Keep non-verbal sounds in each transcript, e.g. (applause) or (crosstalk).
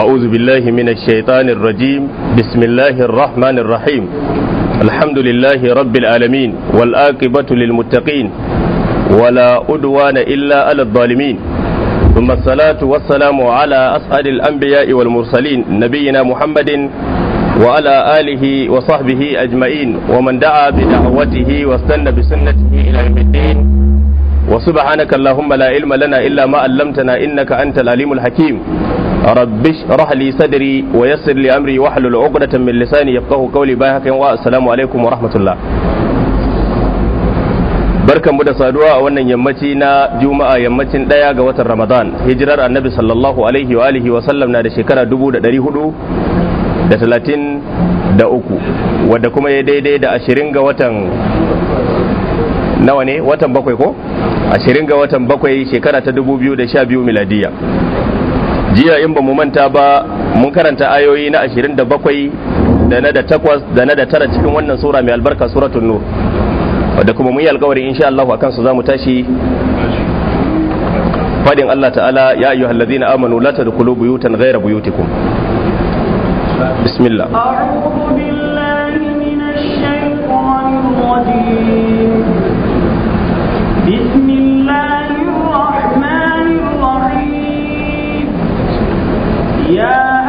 أعوذ بالله من الشيطان الرجيم بسم الله الرحمن الرحيم الحمد لله رب العالمين والآكبة للمتقين ولا أدوان إلا على الظالمين ثم الصلاة والسلام على أسعد الأنبياء والمرسلين نبينا محمد وعلى آله وصحبه أجمعين ومن دعا بدعوته واستنى بسنته إلى يوم الدين وسبحانك اللهم لا علم لنا إلا ما علمتنا إنك أنت العليم الحكيم rabbi shrah li sadri wa yassir li amri wa hlul 'uqdatan min lisani yafqahu qawli bayan haka wa assalamu alaikum wa rahmatullah barkanmu da saduwa a wannan yammaci na juma'a yammacin daya ga watan ramadan hijirar annabi sallallahu alaihi wa alihi wa sallam na da shekara 400 da 30 da uku wadda kuma ya daidai da ashirin ga watan nawa ne watan bakwai ko ashirin ga watan bakwai shekara ta 2012 miladiya jiya in ba mu manta ba mun karanta ayoyi na 27 da na da 8 da na da 9 cikin wannan sura mai albarka suratul nur wadda kuma mun yi alkawari insha Allah akan su zamu tashi fadin Allah ta'ala ya ayyuhal ladzina amanu la tadkhulu buyutan ghayra buyutikum bismillah Yeah.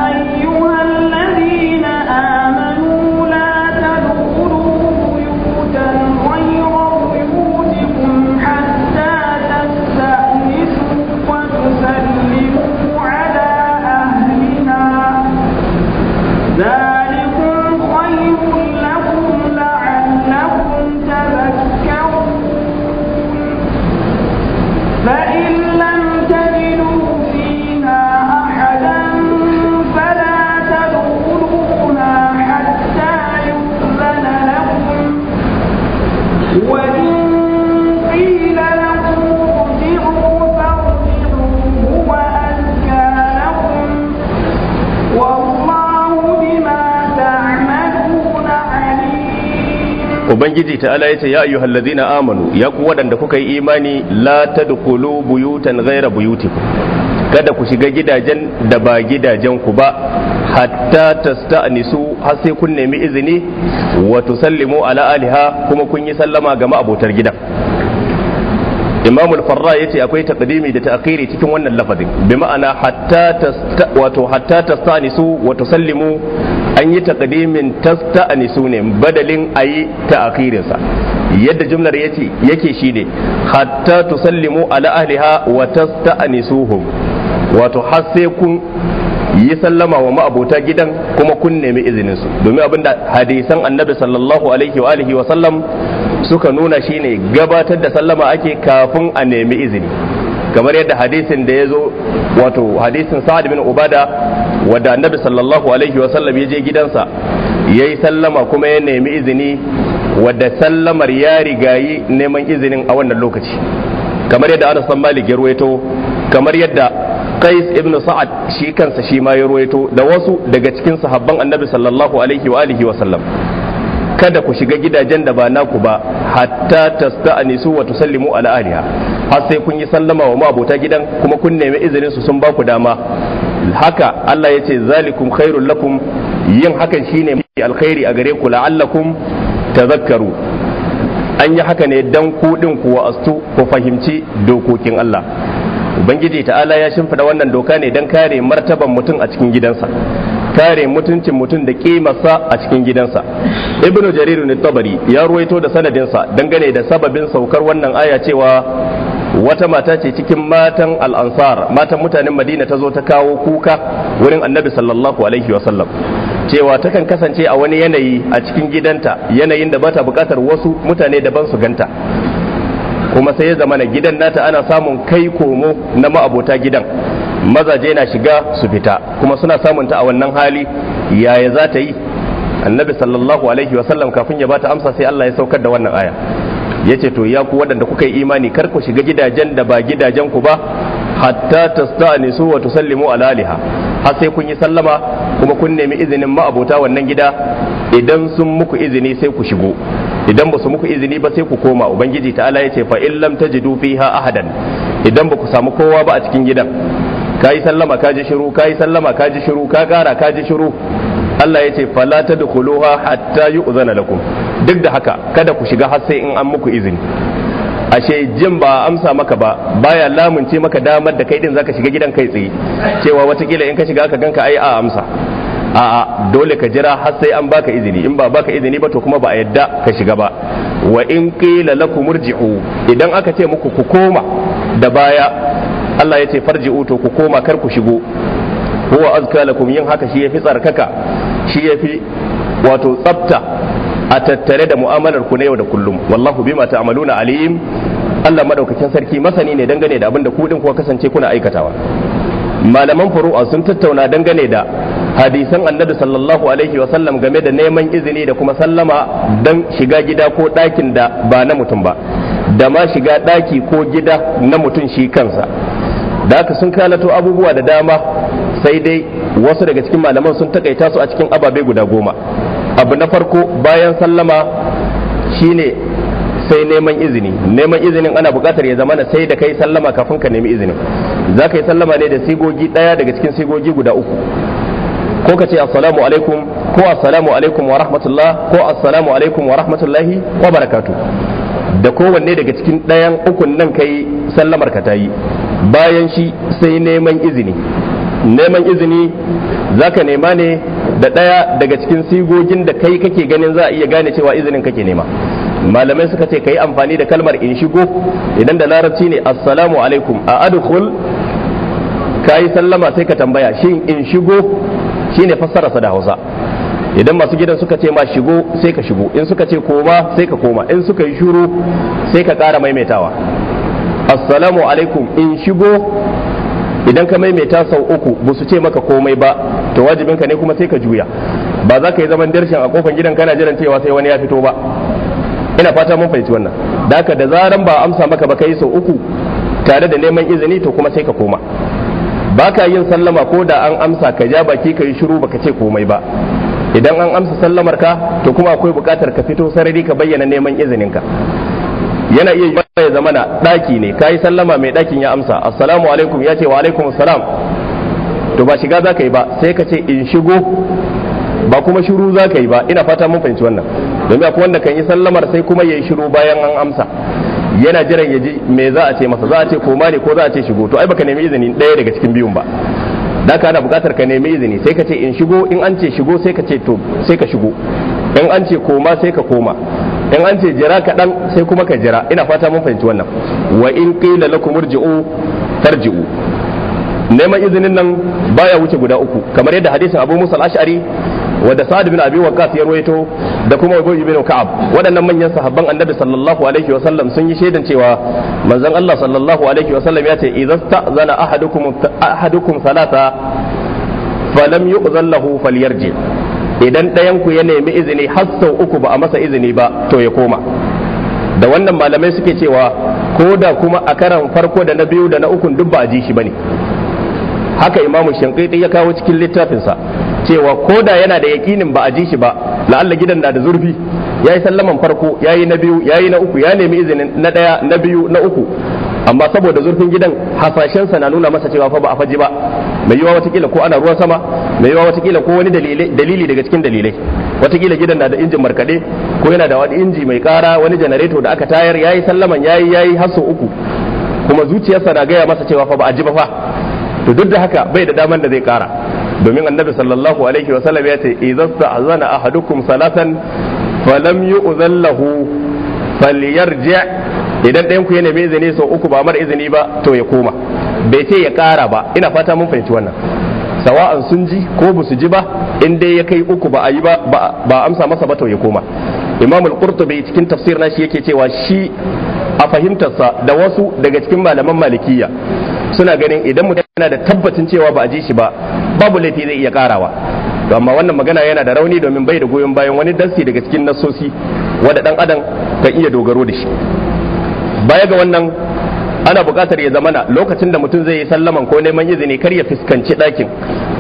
ubangiji ta ala yace ya ayyuhal ladina amanu ya ku waɗanda kuka yi imani la tadkhulu buyutan ghaira buyutikum kada ku shiga gidajen da ba gidajen ku ba hatta tasta'nisu har sai kun nemi izini wa tusallimu ala aliha kuma kun yi sallama ga ma'abotar gidan imam al-farra yace akwai taqdimi da ta'khiri cikin wannan lafazin bi ma'ana hatta wato hatta tastanisu wa tusallimu an yi taqdimin tasta'nisu ne badalin ayi ta sa yadda jumlar yace yake ne hatta tusallimu ala ahliha wa tasta'nisuhum wato har sai kun yi sallama wa ma'abota gidan kuma kun nemi izinin su domin abinda hadisan annabi sallallahu alaihi wa alihi wa sallam suka nuna shine gabatar da sallama ake kafin a nemi izini kamar yadda hadisin da ya zo wato hadisin sa'ad bin ubada wadda annabi sallallahu alaihi wasallam ya je gidansa ya yi sallama kuma ya nemi izini wadda sallamar ya rigayi neman izinin a wannan lokaci kamar yadda anas san malik ya ruwaito kamar yadda qais ibn sa'ad shi kansa shi ma ya ruwaito da wasu daga cikin sahabban annabi sallallahu alaihi wa alihi wa sallam kada ku shiga gidajen da ba naku ba hatta tasta'nisu wa tusallimu ala aliha har sai kun yi sallama wa mabota gidan kuma kun nemi izinin su sun ba ku dama haka Allah ya ce zalikum khairul lakum yin hakan shine mai alkhairi a gare ku la'allakum tazakkaru an yi haka ne dan ku din ku astu ku fahimci dokokin Allah ubangiji ta'ala ya shimfida wannan doka ne dan kare martaban mutum a cikin gidansa kare mutuncin mutum da kimarsa a cikin gidansa ibnu jarir ne tabari ya ruwaito da sanadinsa dangane da sababin saukar wannan aya cewa wata mata ce cikin matan al'ansar matan mutanen madina ta zo ta kawo kuka wurin annabi sallallahu alaihi wasallam cewa takan kasance a wani yanayi a cikin gidanta yanayin da bata bukatar wasu mutane daban su ganta kuma sai ya zama na gidan nata ana samun kai komo na ma'abota gidan mazaje na shiga su fita kuma suna samun ta a wannan hali yaya za ta yi annabi sallallahu alaihi wasallam kafin ya bata amsa sai allah ya saukar da wannan aya yace to ya ku waɗanda kuka yi imani kar ku shiga gidajen da ba gidajen ku ba hatta tastanisu wa tusallimu ala aliha har sai kun yi sallama kuma kun nemi izinin ma'abota wannan gida idan sun muku izini sai ku shigo idan ba su muku izini ba sai ku koma ubangiji ya yace fa in lam tajidu fiha ahadan idan ba ku samu kowa ba a cikin gidan yi sallama ka ji shiru yi sallama ka ji shiru ka kara ka ji shiru Allah ya yace fala tadkhuluha hatta yu'zana lakum duk da haka kada ku shiga har sai in an muku izini ashe jin ba amsa maka ba baya lamunce maka damar da kai din zaka shiga gidan kai tsaye cewa watakila in ka shiga ka ganka ai a amsa a'a dole ka jira har sai an baka izini in ba baka izini ba to kuma ba a yadda ka shiga ba wa in qila lakum murji'u idan aka ce muku ku koma da baya Allah ya ce farji'u to ku koma kar ku shigo huwa azka lakum yin haka shi yafi tsarkaka shi yafi wato tsafta a tattare da mu'amalar ku na yau da kullum wallahu bima ta'maluna alim Allah madaukakin sarki masani ne dangane da abinda da ku din kuka kasance kuna aikatawa malaman furu'a sun tattauna dangane da hadisan annabi sallallahu alaihi wa sallam game da neman izini da kuma sallama dan shiga gida ko ɗakin da ba na mutum ba da ma shiga ɗaki ko gida na mutum shi kansa da haka sun kalato abubuwa da dama sai dai wasu daga cikin malaman sun takaita su a cikin ababe guda goma abu na farko bayan sallama shine sai neman izini neman izinin ana buƙatar ya na sai da kai sallama kafin ka nemi izinin za ka yi sallama ne da sigogi ɗaya daga cikin sigogi guda uku ko ka ce assalamu alaikum ko assalamu alaikum wa rahmatullah ko assalamu alaikum wa rahmatullahi wa barakatu da kowanne daga cikin ɗayan ukun nan kai sallamar ka ta yi bayan shi sai neman izini neman izini za ka nema ne da ɗaya daga cikin sigogin da kai kake ganin za a iya gane cewa izinin kake nema malamai suka ce kai amfani da kalmar in shigo idan da larabci ne assalamu alaikum a adkhul yi sallama sai ka tambaya shin in shigo shine fassararsa da Hausa idan masu gidan suka ce ma shigo sai ka shigo in suka ce koma sai ka koma in suka yi shuru sai ka ƙara maimaitawa assalamu alaikum in shigo idan ka maimaita sau uku ba su ce maka komai ba to wajibin ka ne kuma sai ka juya ba za ka yi zaman darshin a kofar gidan kana jiran cewa sai wani ya fito ba ina fata mun fahimci wannan da haka da zaran ba amsa maka ba yi sau uku tare da neman izini to kuma sai ka koma ba ka yin sallama ko da an amsa ka ja baki ka yi shiru ba ka ce komai ba idan an amsa sallamar ka to kuma akwai bukatar ka fito sarari ka bayyana neman izinin ka yana iya ya zamana ɗaki ne ka yi sallama mai ɗakin ya amsa assalamu alaikum ya ce wa alaikum assalam to ba shiga za ka yi ba sai ka ce in shigo ba kuma shiru za ka yi ba ina fata mun fahimci wannan domin akwai wanda kan yi sallamar sai kuma ya yi shiru bayan an amsa yana jiran ya ji me za a ce masa za a ce koma ne ko za a ce shigo to ai baka nemi izini ɗaya daga cikin biyun ba da ka ana buƙatar ka nemi izini sai ka ce in shigo in an ce shigo sai ka ce to sai ka shigo in an ce koma sai ka koma in an ce jira kaɗan sai kuma ka jira ina fata mun fahimci wannan wa in qila lakum irji'u tarji'u neman izinin nan baya wuce guda uku kamar yadda hadisin abu musa al-ash'ari wanda sa'ad bin abi waqqas ya ruwaito da kuma ubay ibn ka'ab waɗannan manyan sahabban annabi sallallahu alaihi wa sallam sun yi shaidan cewa manzon Allah sallallahu alaihi wa sallam ya ce idza ta'zana ahadukum ahadukum salata falam lahu falyarji idan ɗayan ku ya nemi izini har sau uku ba a masa izini ba to ya koma da wannan malamai suke cewa ko da kuma a karan farko da na biyu da na uku duk ba a ji shi ba ne. haka imamu shankaiti ya kawo cikin littafinsa cewa ko da yana da yakinin ba a ji shi ba la'alla gidan na da zurfi ya yi sallaman farko ya yi na biyu ya yi na uku ya nemi izinin na ɗaya na biyu na uku amma saboda zurfin gidan hasashensa na nuna masa cewa fa ba a faji ba mai yiwa watakila ko ana ruwan sama mai yiwa watakila ko wani dalili daga cikin dalilai watakila gidan na da injin markaɗe ko yana da wani inji mai ƙara wani janareto da aka tayar ya yi sallaman ya yi hasso uku kuma zuciyarsa na gaya masa cewa fa ba a ji ba fa to duk da haka bai da daman da zai kara domin annabi sallallahu alaihi wa sallam ya ce idza sta'zana ahadukum salatan falam yu'zan lahu falyarji idan ɗayan ku ya nemi izini sau uku ba mar izini ba to ya koma bai ce ya kara ba ina fata mun fahimci wannan sawa'an sun ji ko ba su ji ba in dai ya kai uku ba a yi ba ba amsa masa ba to ya koma imam al-qurtubi cikin tafsir na shi yake cewa shi a fahimtarsa da wasu daga cikin malaman malikiyya suna ganin idan mutum yana da tabbacin cewa ba a ji shi ba babu laifi zai iya karawa to amma wannan magana yana da rauni domin bai da goyon bayan wani dansi daga cikin nasosi wanda dan adam kan iya dogaro da shi baya ga wannan ana buƙatar ya zamana lokacin da mutum zai yi sallaman ko neman izini kar ya fuskanci ɗakin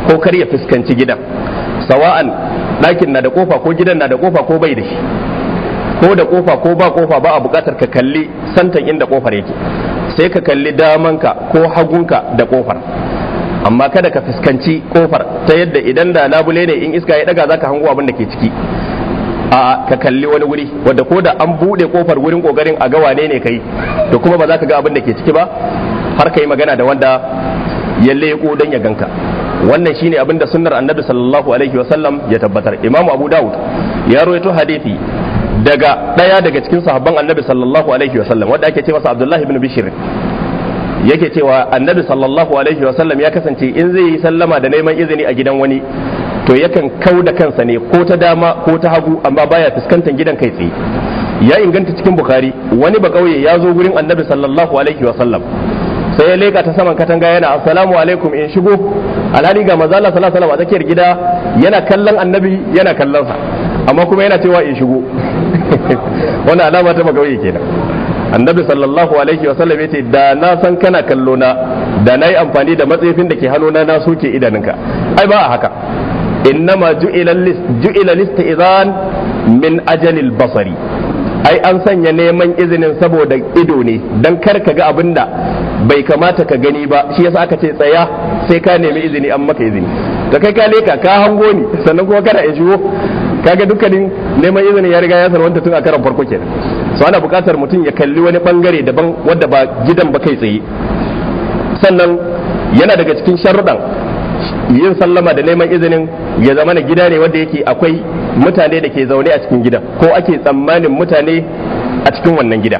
ko kar ya fuskanci gidan sawa'an ɗakin na da kofa ko gidan na da kofa ko bai da shi ko da kofa ko ba kofa ba a buƙatar ka kalli santan inda kofar yake sai ka kalli damanka ko hagunka da kofar amma kada ka fuskanci kofar ta yadda idan da labule ne in iska ya daga zaka hango abin da ke ciki a ka kalli wani wuri wadda ko da an bude kofar wurin kokarin a gawa wane ne kai to kuma ba za ka ga abin da ke ciki ba har ka yi magana da wanda ya leko dan ya ganka wannan shine abin da sunnar annabi sallallahu alaihi wasallam ya tabbatar imamu abu dawud ya rawaito hadisi daga ɗaya daga cikin sahabban annabi sallallahu alaihi wasallam wanda ake ce masa abdullahi ibn bishir yake cewa annabi sallallahu alaihi wasallam ya kasance in zai yi sallama da neman izini a gidan wani to yakan kau da kansa ne ko ta dama ko ta hagu amma baya fuskantar gidan kai tsaye ya inganta cikin bukari wani ba kauye ya zo gurin annabi sallallahu alaihi wasallam sai ya leka ta saman katanga yana assalamu alaikum in shigo alhali ga maza Allah sallallahu alaihi wasallam a tsakiyar gida yana kallon annabi yana kallon sa amma kuma yana cewa in shigo (laughs) wani alama ta ke kenan annabi sallallahu alaihi wa sallam yace da na san kana kallo na da nayi amfani da matsayin da ke hannuna na soke idanunka ai ba a haka innama ju'ila lis ju'ila listizan min ajalil basari ai an sanya neman izinin saboda ido ne dan kar ka ga abin da bai kamata ka gani ba shi yasa aka ce tsaya sai ka nemi izini an maka izini da kai ka leka ka hango ni sannan kuma kana in shigo kaga dukkanin neman izinin ya riga ya san wanda tun a karan farko kenan so ana buƙatar mutum ya kalli wani bangare daban wadda ba gidan ba kai tsaye sannan yana daga cikin sharuɗan yin sallama da neman izinin ya zama na gida ne wanda yake akwai mutane da ke zaune a cikin gidan ko ake tsammanin mutane a cikin wannan gida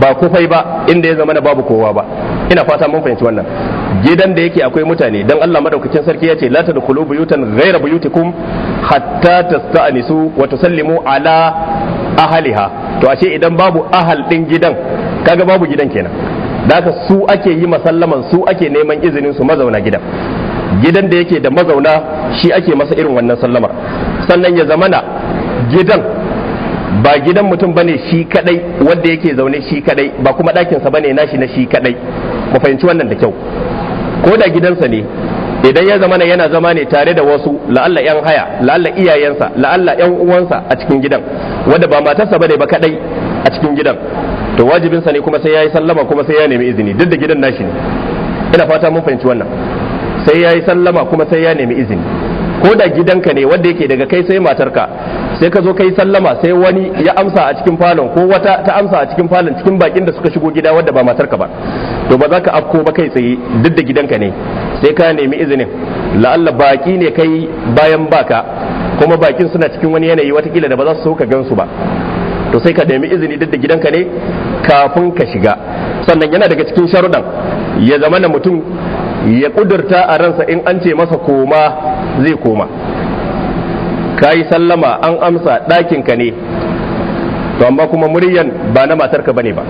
ba kufai ba inda ya zama na babu kowa ba ina fata mun fahimci wannan gidan da yake akwai mutane dan Allah madaukakin sarki yace la tadkhulu buyutan ghayra buyutikum hatta tasta'nisu wa tusallimu ala ahliha to ashe idan babu ahal din gidan kaga babu gidan kenan daga su ake yi masallaman su ake neman izinin su mazauna gidan gidan da yake da mazauna shi ake masa irin wannan sallamar sannan ya zamana gidan ba gidan mutum bane shi kadai wanda yake zaune shi kadai ba kuma ɗakinsa bane nashi na shi kadai mu fahimci wannan da kyau ko da gidansa ne idan ya zama yana zama ne tare da wasu la'alla yan haya la'alla iyayensa la'alla yan uwansa a cikin gidan wanda ba matarsa bane ba kadai a cikin gidan to wajibinsa ne kuma sai ya yi sallama kuma sai ya nemi izini duk da gidan nashi ne ina fata mun fahimci wannan sai ya yi sallama kuma sai ya nemi izini ko da gidanka ne wanda yake daga kai sai matarka sai ka zo kai sallama sai wani ya amsa a cikin falon ko wata ta amsa a cikin falon cikin bakin da suka shigo gida wanda ba matarka ba to ba za ka afko ba kai tsaye duk da gidanka ne sai ka nemi izinin la'alla baki ne kai bayan baka kuma bakin suna cikin wani yanayi watakila da ba za su so ka gansu ba to sai ka nemi izini duk da gidanka ne kafin ka shiga sannan yana daga cikin sharuɗan ya zama na mutum ya kudurta a ransa in an ce masa koma zai koma ka yi sallama an amsa ɗakinka ne to amma kuma muryan ba na matarka bane ba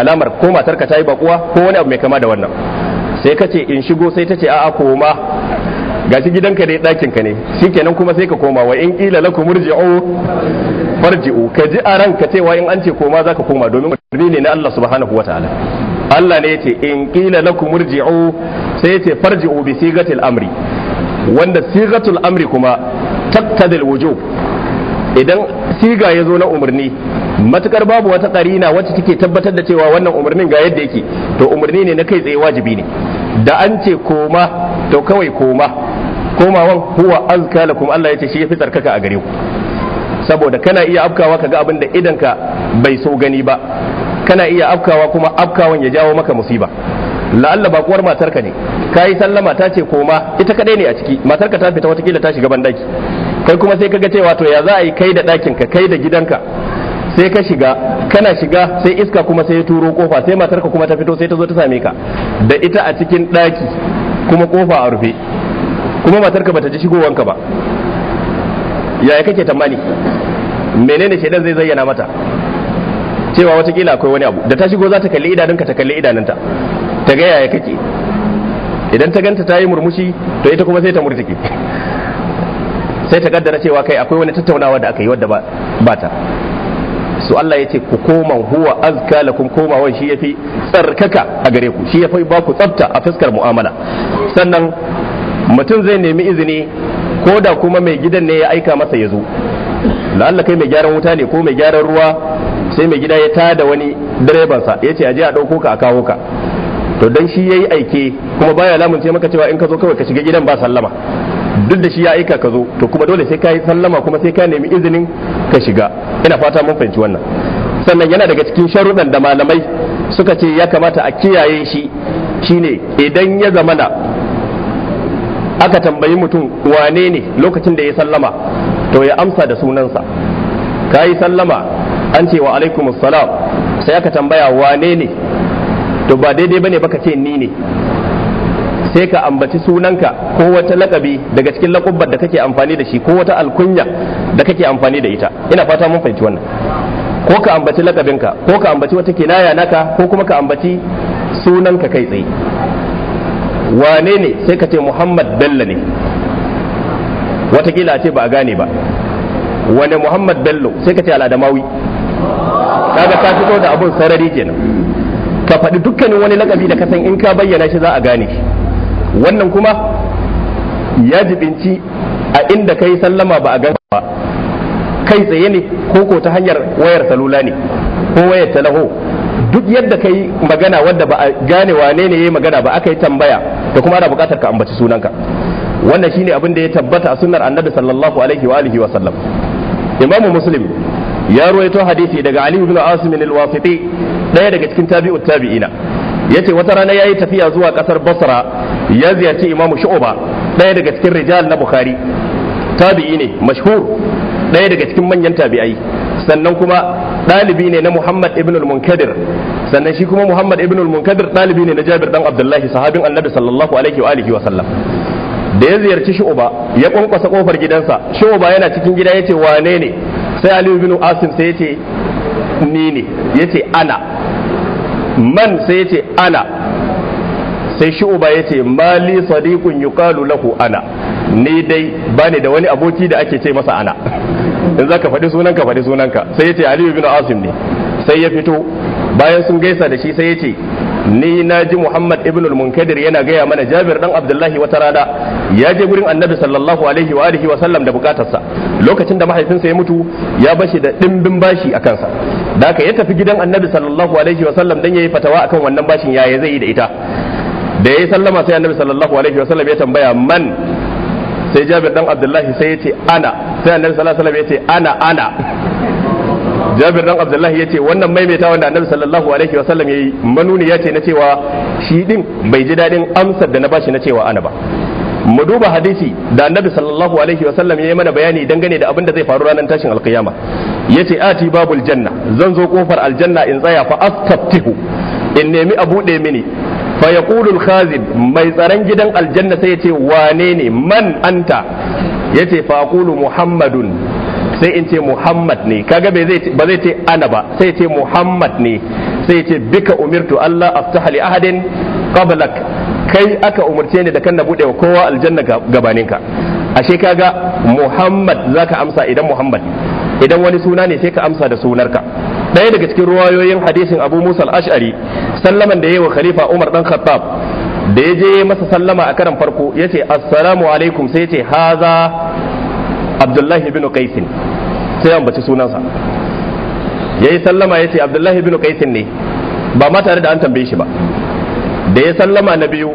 alamar ko matarka ta yi bakuwa ko wani abu mai kama da wannan sai ka ce in shigo sai ta ce a'a koma Ga shi gidanka ne ɗakinka ne shi kenan kuma sai ka koma wa in ƙila lakum murji'u farji'u ka ji a ranka cewa in an ce koma za ka koma domin ne na Allah subhanahu ta'ala, Allah ne ya ce in ƙila ku murji'u sai ya ce farji obi sigatul amri wanda sigatul amri kuma taktadil wujub idan siga ya zo na umarni matukar babu wata karina wacce take tabbatar da cewa wannan umarnin ga yadda yake to umarni ne na kai tsaye wajibi ne da an ce koma to kawai koma komawan huwa azka lakum Allah ya ce shi yafi tsarkaka a gare ku saboda kana iya afkawa kaga abin da idanka bai so gani ba kana iya afkawa kuma afkawan ya jawo maka musiba la'alla ba kuwar matarka ne ka yi sallama ta ce koma ita kadai ne a ciki matarka ta fita watakila ta shiga daki kai kuma sai kaga cewa to ya za a yi kai da ɗakin ka kai da gidanka sai ka shiga kana shiga sai iska kuma sai ya turo kofa sai matarka kuma ta fito sai ta zo ta same ka da ita a cikin ɗaki kuma kofa a rufe kuma matarka bata ji shigowanka ba yaya kake tamani menene shaidan zai zayyana mata cewa watakila akwai wani abu da ta shigo za ta kalli idanunka ta kalli idanunta ta ga yaya kake idan ta ganta ta yi murmushi to ita kuma sai ta murtuki sai ta kaddara cewa kai akwai wani tattaunawa da aka yi wadda ba ta su Allah ya ce ku koma huwa azka lakum komawan shi yafi tsarkaka a gare ku shi yafi ba ku tsafta a fuskar mu'amala sannan mutum zai nemi izini ko da kuma mai gidan ne ya aika masa ya zo la'alla kai mai gyaran wuta ne ko mai gyaran ruwa sai mai gida ya tada wani direbansa ya ce aje a ɗauko ka a kawo ka to dan shi yayi aike kuma baya lamunce maka cewa in ka zo kawai ka shiga gidan ba sallama duk da shi ya aika ka zo to kuma dole sai ka yi sallama kuma sai ka nemi izinin ka shiga ina fata mun fahimci wannan sannan yana daga cikin sharuɗan da malamai suka ce ya kamata a kiyaye shi shine idan ya zamana aka tambayi mutum wane ne lokacin da ya sallama to ya amsa da sunansa ka yi sallama an ce wa alaikumus salam sai aka tambaya wane ne to ba daidai bane baka ce ni ne sai ka ambaci sunanka ko wata lakabi daga cikin lakubbar da kake amfani da shi ko wata alkunya da kake amfani da ita ina fata mun fahimci wannan ko ka ambaci lakabinka ko ka ambaci wata kinaya naka ko kuma ka ambaci sunanka kai tsaye wane ne sai ka ce muhammad bello ne watakila a ce ba a gane ba wane muhammad bello sai ka ce al'adamawi kaga ta fito da abun sarari kenan ka faɗi dukkanin wani lakabi da kasan in ka bayyana shi za a gane wannan kuma ya jibinci a inda ka sallama ba a gan ba kai tsaye ne ko ko ta hanyar wayar salula ne ko wayar talaho duk yadda ka yi magana wadda ba a gane wane ne ya yi magana ba aka yi tambaya da kuma ana buƙatar ka ambaci sunanka wannan shi ne abin da ya tabbata a sunnar annabi sallallahu alaihi wa alihi wa sallam imamu muslim ya ruwaito hadisi daga Ali ibn Asim al-Wasiti daya daga cikin tabi'ut tabi'ina yace wata rana yayi tafiya zuwa kasar Basra ya ziyarci Imam Shu'ba daya daga cikin rijal na Bukhari tabi'i ne mashhur daya daga cikin manyan tabi'ai sannan kuma ɗalibi ne na Muhammad ibn al-Munkadir sannan shi kuma Muhammad ibn al-Munkadir ɗalibi ne na Jabir dan Abdullahi sahabin Annabi sallallahu alaihi wa alihi wa sallam da ya ziyarci Shu'ba ya kwankwasa kofar gidansa Shu'ba yana cikin gida yace wane ne sai aliyu bin asim sai yace ni ne yace ana man sai yace ana sai shu'uba yace mali sadiqun yuqalu lahu ana ni dai bani da wani aboki da ake ce masa ana in zaka faɗi sunanka faɗi sunanka sai yace aliyu bin asim ne sai ya fito bayan sun gaisa da shi sai yace ni na ji muhammad ibn al-munkadir yana gaya mana jabir dan abdullahi wata rana ya je gurin annabi sallallahu alaihi wa alihi wa sallam da bukatarsa lokacin da mahaifinsa ya mutu ya bashi da dimbin bashi a kansa da ka ya tafi gidan annabi sallallahu alaihi wa sallam dan yayi fatawa akan wannan bashin yaya zai yi da ita da yayi sallama sai annabi sallallahu alaihi wa sallam ya tambaya man sai jabir dan abdullahi sai ya ce ana sai annabi sallallahu alaihi wa sallam ya ce ana ana jabir dan ya ce wannan maimaita wanda annabi sallallahu alaihi wasallam yayi manuni ce na cewa shi din bai ji dadin amsar da na bashi na cewa ana ba mu duba hadisi da annabi sallallahu alaihi wasallam yi mana bayani dangane da abin da zai faru ranar tashin alkiyama yace ati babul janna zan zo kofar aljanna in tsaya fa astaftihu in nemi a bude mini fa yaqulu al mai tsaron gidan aljanna sai yace wane ne man anta yace fa muhammadun sai in ce muhammad ne kaga bai ba zai ce ana ba sai ce muhammad ne sai ce bika umirtu allah aftaha li ahadin qablak kai aka umurce ni da kan na bude wa kowa aljanna gabanin ka ashe kaga muhammad zaka amsa idan muhammad idan wani suna ne sai ka amsa da sunarka ɗaya daga cikin ruwayoyin hadisin abu musa al-ash'ari sallaman da ya wa khalifa umar dan khattab da ya je masa sallama a karan farko ya ce assalamu alaikum sai ya ce haza abdullahi bin qaisin sai ambaci sunansa yayi sallama yace abdullahi bin qaisin ne ba ma tare da an tambaye shi ba da ya sallama na biyu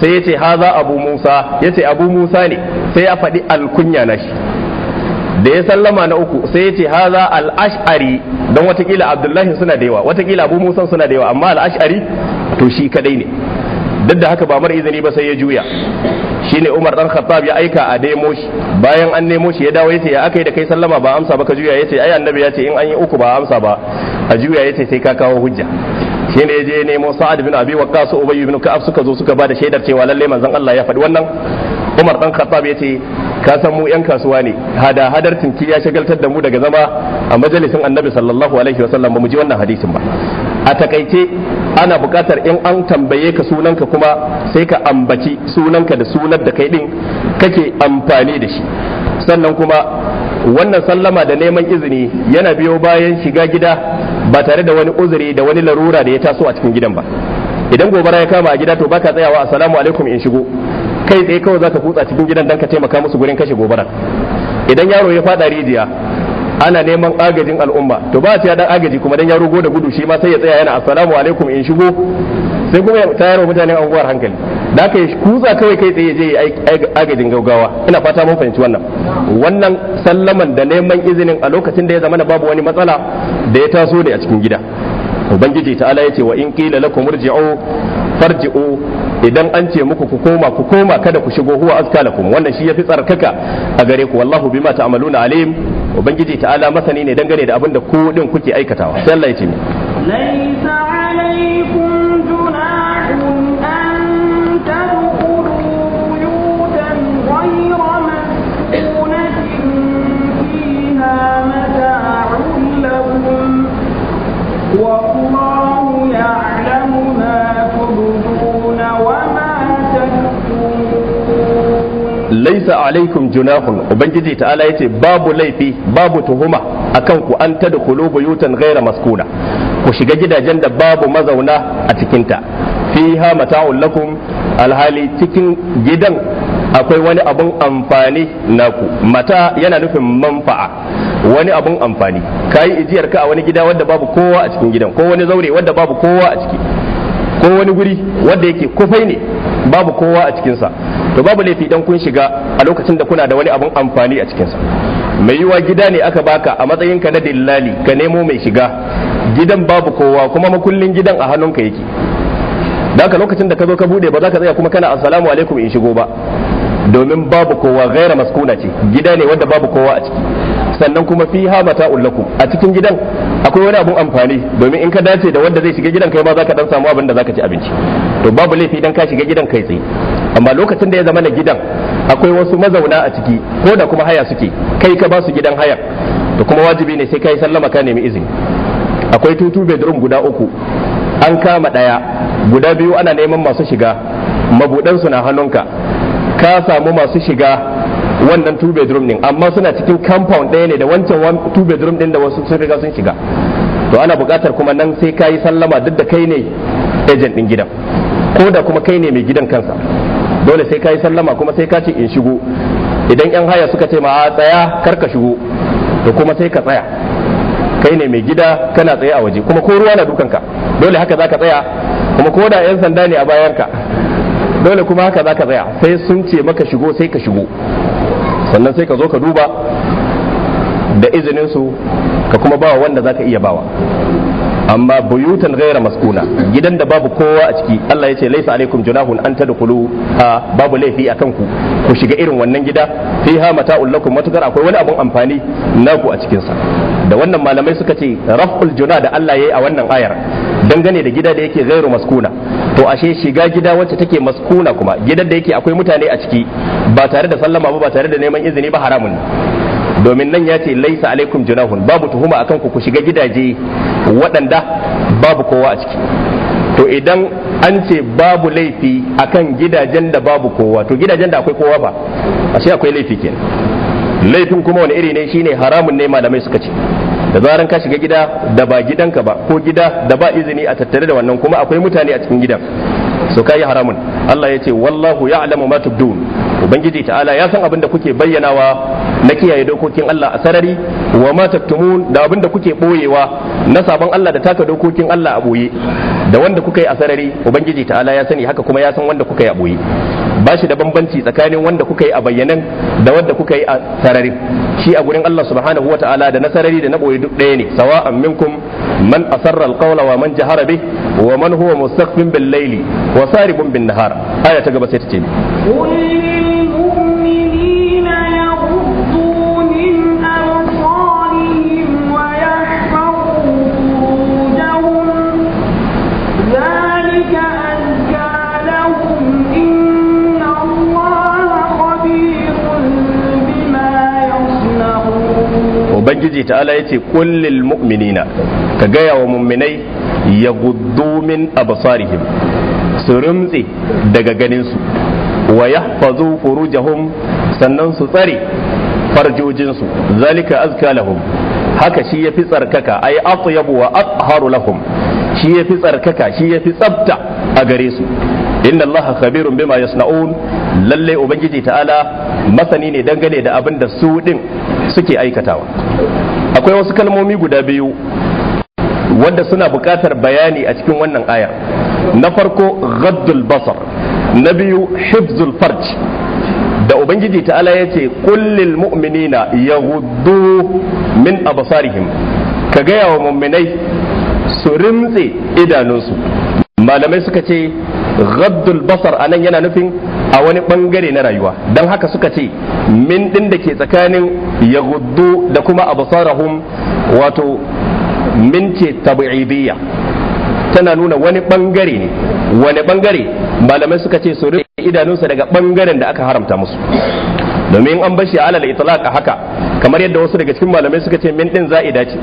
sai yace haza abu musa yace abu musa ne sai ya faɗi alkunya na shi da ya sallama na uku sai ya ce haza al'ash'ari don watakila abdullahi suna da yawa watakila abu Musa suna da yawa amma al'ash'ari to shi kadai ne duk da haka ba mara izini ba sai ya juya Shi ne Umar ɗan Khattab ya aika a nemo shi bayan an nemo shi ya dawo yace ya akai da kai sallama ba amsa ba ka juya yace ai annabi ya ce in an yi uku ba amsa ba a juya yace sai ka kawo hujja shine ya je nemo Sa'ad bin Abi Waqqas Ubay bin Ka'ab suka zo suka ba da shaidar cewa lalle manzon Allah ya faɗi wannan Umar ɗan Khattab yace ka san mu yan kasuwa ne hada hadar tinki ya shagaltar da mu daga zama a majalisin annabi sallallahu alaihi wasallam ba mu ji wannan hadisin ba a takaice ana bukatar in an tambaye ka sunanka kuma sai ka ambaci sunanka da sunar da kai din kake amfani da shi sannan kuma wannan sallama da neman izini yana biyo bayan shiga gida ba tare da wani uzuri da wani larura da ya taso a cikin gidan ba idan gobara ya kama a gida to baka tsayawa assalamu alaikum in shigo kai tsaye kawai zaka kutsa cikin gidan dan ka taimaka musu gurin kashe gobara idan yaro ya fada rijiya ana neman agajin al'umma to ba ta dan agaji kuma dan yaro go da gudu shi ma sai ya tsaya yana assalamu alaikum in shigo sai kuma ya tayaro mutanen anguwar hankali da ka kutsa kawai kai tsaye je agajin gaugawa ina fata mun fahimci wannan wannan sallaman da neman izinin a lokacin da ya zama babu wani matsala da ya taso da a cikin gida ubangiji ta'ala yace wa in qila lakum irji'u farji'u idan an ce muku ku koma ku koma kada ku shigo huwa azka lakum wannan shi yafi tsarkaka a gare ku wallahu bima ta'maluna alim ubangiji ta'ala masani ne dangane da abin da ku din kuke aikatawa sai Allah ya ce laysa alaykum Wow. laisa alaikum junahun ubangiji ta'ala yace babu laifi babu tuhuma akan ku an tadkhulu buyutan ghaira maskuna ku shiga gidajen da babu mazauna a cikinta fiha mata'un lakum alhali cikin gidan akwai wani abun amfani naku mata yana nufin manfa'a wani abun amfani kai ijiyar ka a wani gida wanda babu kowa a cikin gidan ko wani zaure wanda babu kowa a ciki ko wani guri wanda yake kufai ne babu kowa a cikinsa to babu laifi dan kun shiga a lokacin da kuna da wani abun amfani a cikinsa mai yiwa gida ne aka baka a matsayin ka na dillali ka nemo mai shiga gidan babu kowa kuma makullin gidan a hannunka yake da ka lokacin da ka zo ka bude ba za ka tsaya kuma kana assalamu alaikum in shigo ba domin babu kowa gaira maskuna ce gida ne wanda babu kowa a ciki sannan kuma fi ha mata ullakum a cikin gidan akwai wani abun amfani domin in ka dace da wanda zai shiga gidan kai ma ka dan samu abin da ka ci abinci to babu laifi dan ka shiga gidan kai tsaye amma lokacin da ya zama na gidan akwai wasu mazauna a ciki ko da kuma haya suke kai ka ba su gidan hayar to kuma wajibi ne sai ka yi sallama ka nemi izini akwai tutu bedroom guda uku an kama daya guda biyu ana neman masu shiga mabudan su na hannunka ka samu masu shiga wannan two bedroom din amma suna cikin compound ɗaya ne da wancan two bedroom din da wasu sun riga sun shiga to ana buƙatar kuma nan sai ka yi sallama duk da kai ne agent din gidan ko da kuma kai ne mai gidan kansa dole sai ka yi sallama kuma sai ka ce in shigo idan yan haya suka ce ma a tsaya kar ka shigo to kuma sai ka tsaya kai ne mai gida kana tsaye a waje kuma ko ruwa na dukanka dole haka zaka tsaya kuma ko da yan sanda ne a bayanka dole kuma haka zaka tsaya sai sun ce maka shigo sai ka shigo sannan sai ka zo ka duba da izinin su ka kuma bawa wanda za ka iya bawa amma buyutan gaira maskuna gidan da babu kowa a ciki Allah ya ce laisa alaikum junahun an tadkhulu ha babu laifi a ku ku shiga irin wannan gida ha mata'ul lakum matukar akwai wani abun amfani naku a cikinsa. da wannan malamai suka ce raf'ul juna da Allah yayi a wannan ayar dangane da gida da yake gairu maskuna to ashe shiga gida wacce take maskuna kuma gidan da yake akwai mutane a ciki ba tare da sallama ba ba tare da neman izini ba haramun domin nan ya ce laisa alaikum junahun babu tuhuma akan ku ku shiga gidaje waɗanda babu kowa a ciki to idan an ce babu laifi akan gidajen da babu kowa to gidajen da akwai kowa ba ashe akwai laifi kenan laifin kuma wani iri ne shine haramun ne malamai suka ce da zaran ka shiga gida da ba gidanka ba ko gida da ba izini a tattare da wannan kuma akwai mutane a cikin gidan so kai haramun Allah ya ce wallahu ya'lamu ma tubdun ubangiji ta'ala ya san abin da kuke bayyanawa na kiyaye dokokin Allah a sarari wa ma da abin da kuke boyewa na sabon Allah da taka dokokin Allah a boye da wanda kuka yi a sarari ubangiji ta'ala ya sani haka kuma ya san wanda kuka yi a boye ba shi da bambanci tsakanin wanda kuka yi a bayyanan da wanda kuka yi a sarari shi a gurin Allah subhanahu wa ta'ala da na sarari da na boye duk ɗaya ne sawa'an minkum man asarra alqawla wa man jahara bih wa man huwa mustaqbil bil layli wa saribun bin nahar aya ta gaba sai ta ce ubangiji ta'ala ce kullil mu'minina ka gaya wa mu'minai ya guddu min absarihim su rumtse daga ganin su wa yahfazu furujahum sannan su tsare farjojinsu zalika azka lahum haka shi yafi tsarkaka ai atyabu wa atharu lahum shi yafi tsarkaka shi yafi tsabta a gare su inna allaha khabirun bima yasnaun lalle ubangiji ta'ala masani ne dangane da abin da su din suke aikatawa akwai wasu kalmomi guda biyu wanda suna buƙatar bayani a cikin wannan aya na farko ghaddul basar na biyu hifzul farj da ubangiji ta'ala ya ce kullil mu'minina yaghuddu min absarihim ka gaya wa mu'minai su rimtse idanunsu malamai suka ce Ghadul basar a nan yana nufin a wani bangare na rayuwa don haka suka ce min din da ke tsakanin ya da kuma absarahum wato min ce tabi'ibiyya tana nuna wani bangare ne wani bangare malamai suka ce su rufe idanunsa daga bangaren da aka haramta musu domin an bashi alal itlaq haka kamar yadda wasu daga cikin malamai suka ce min din za'ida ce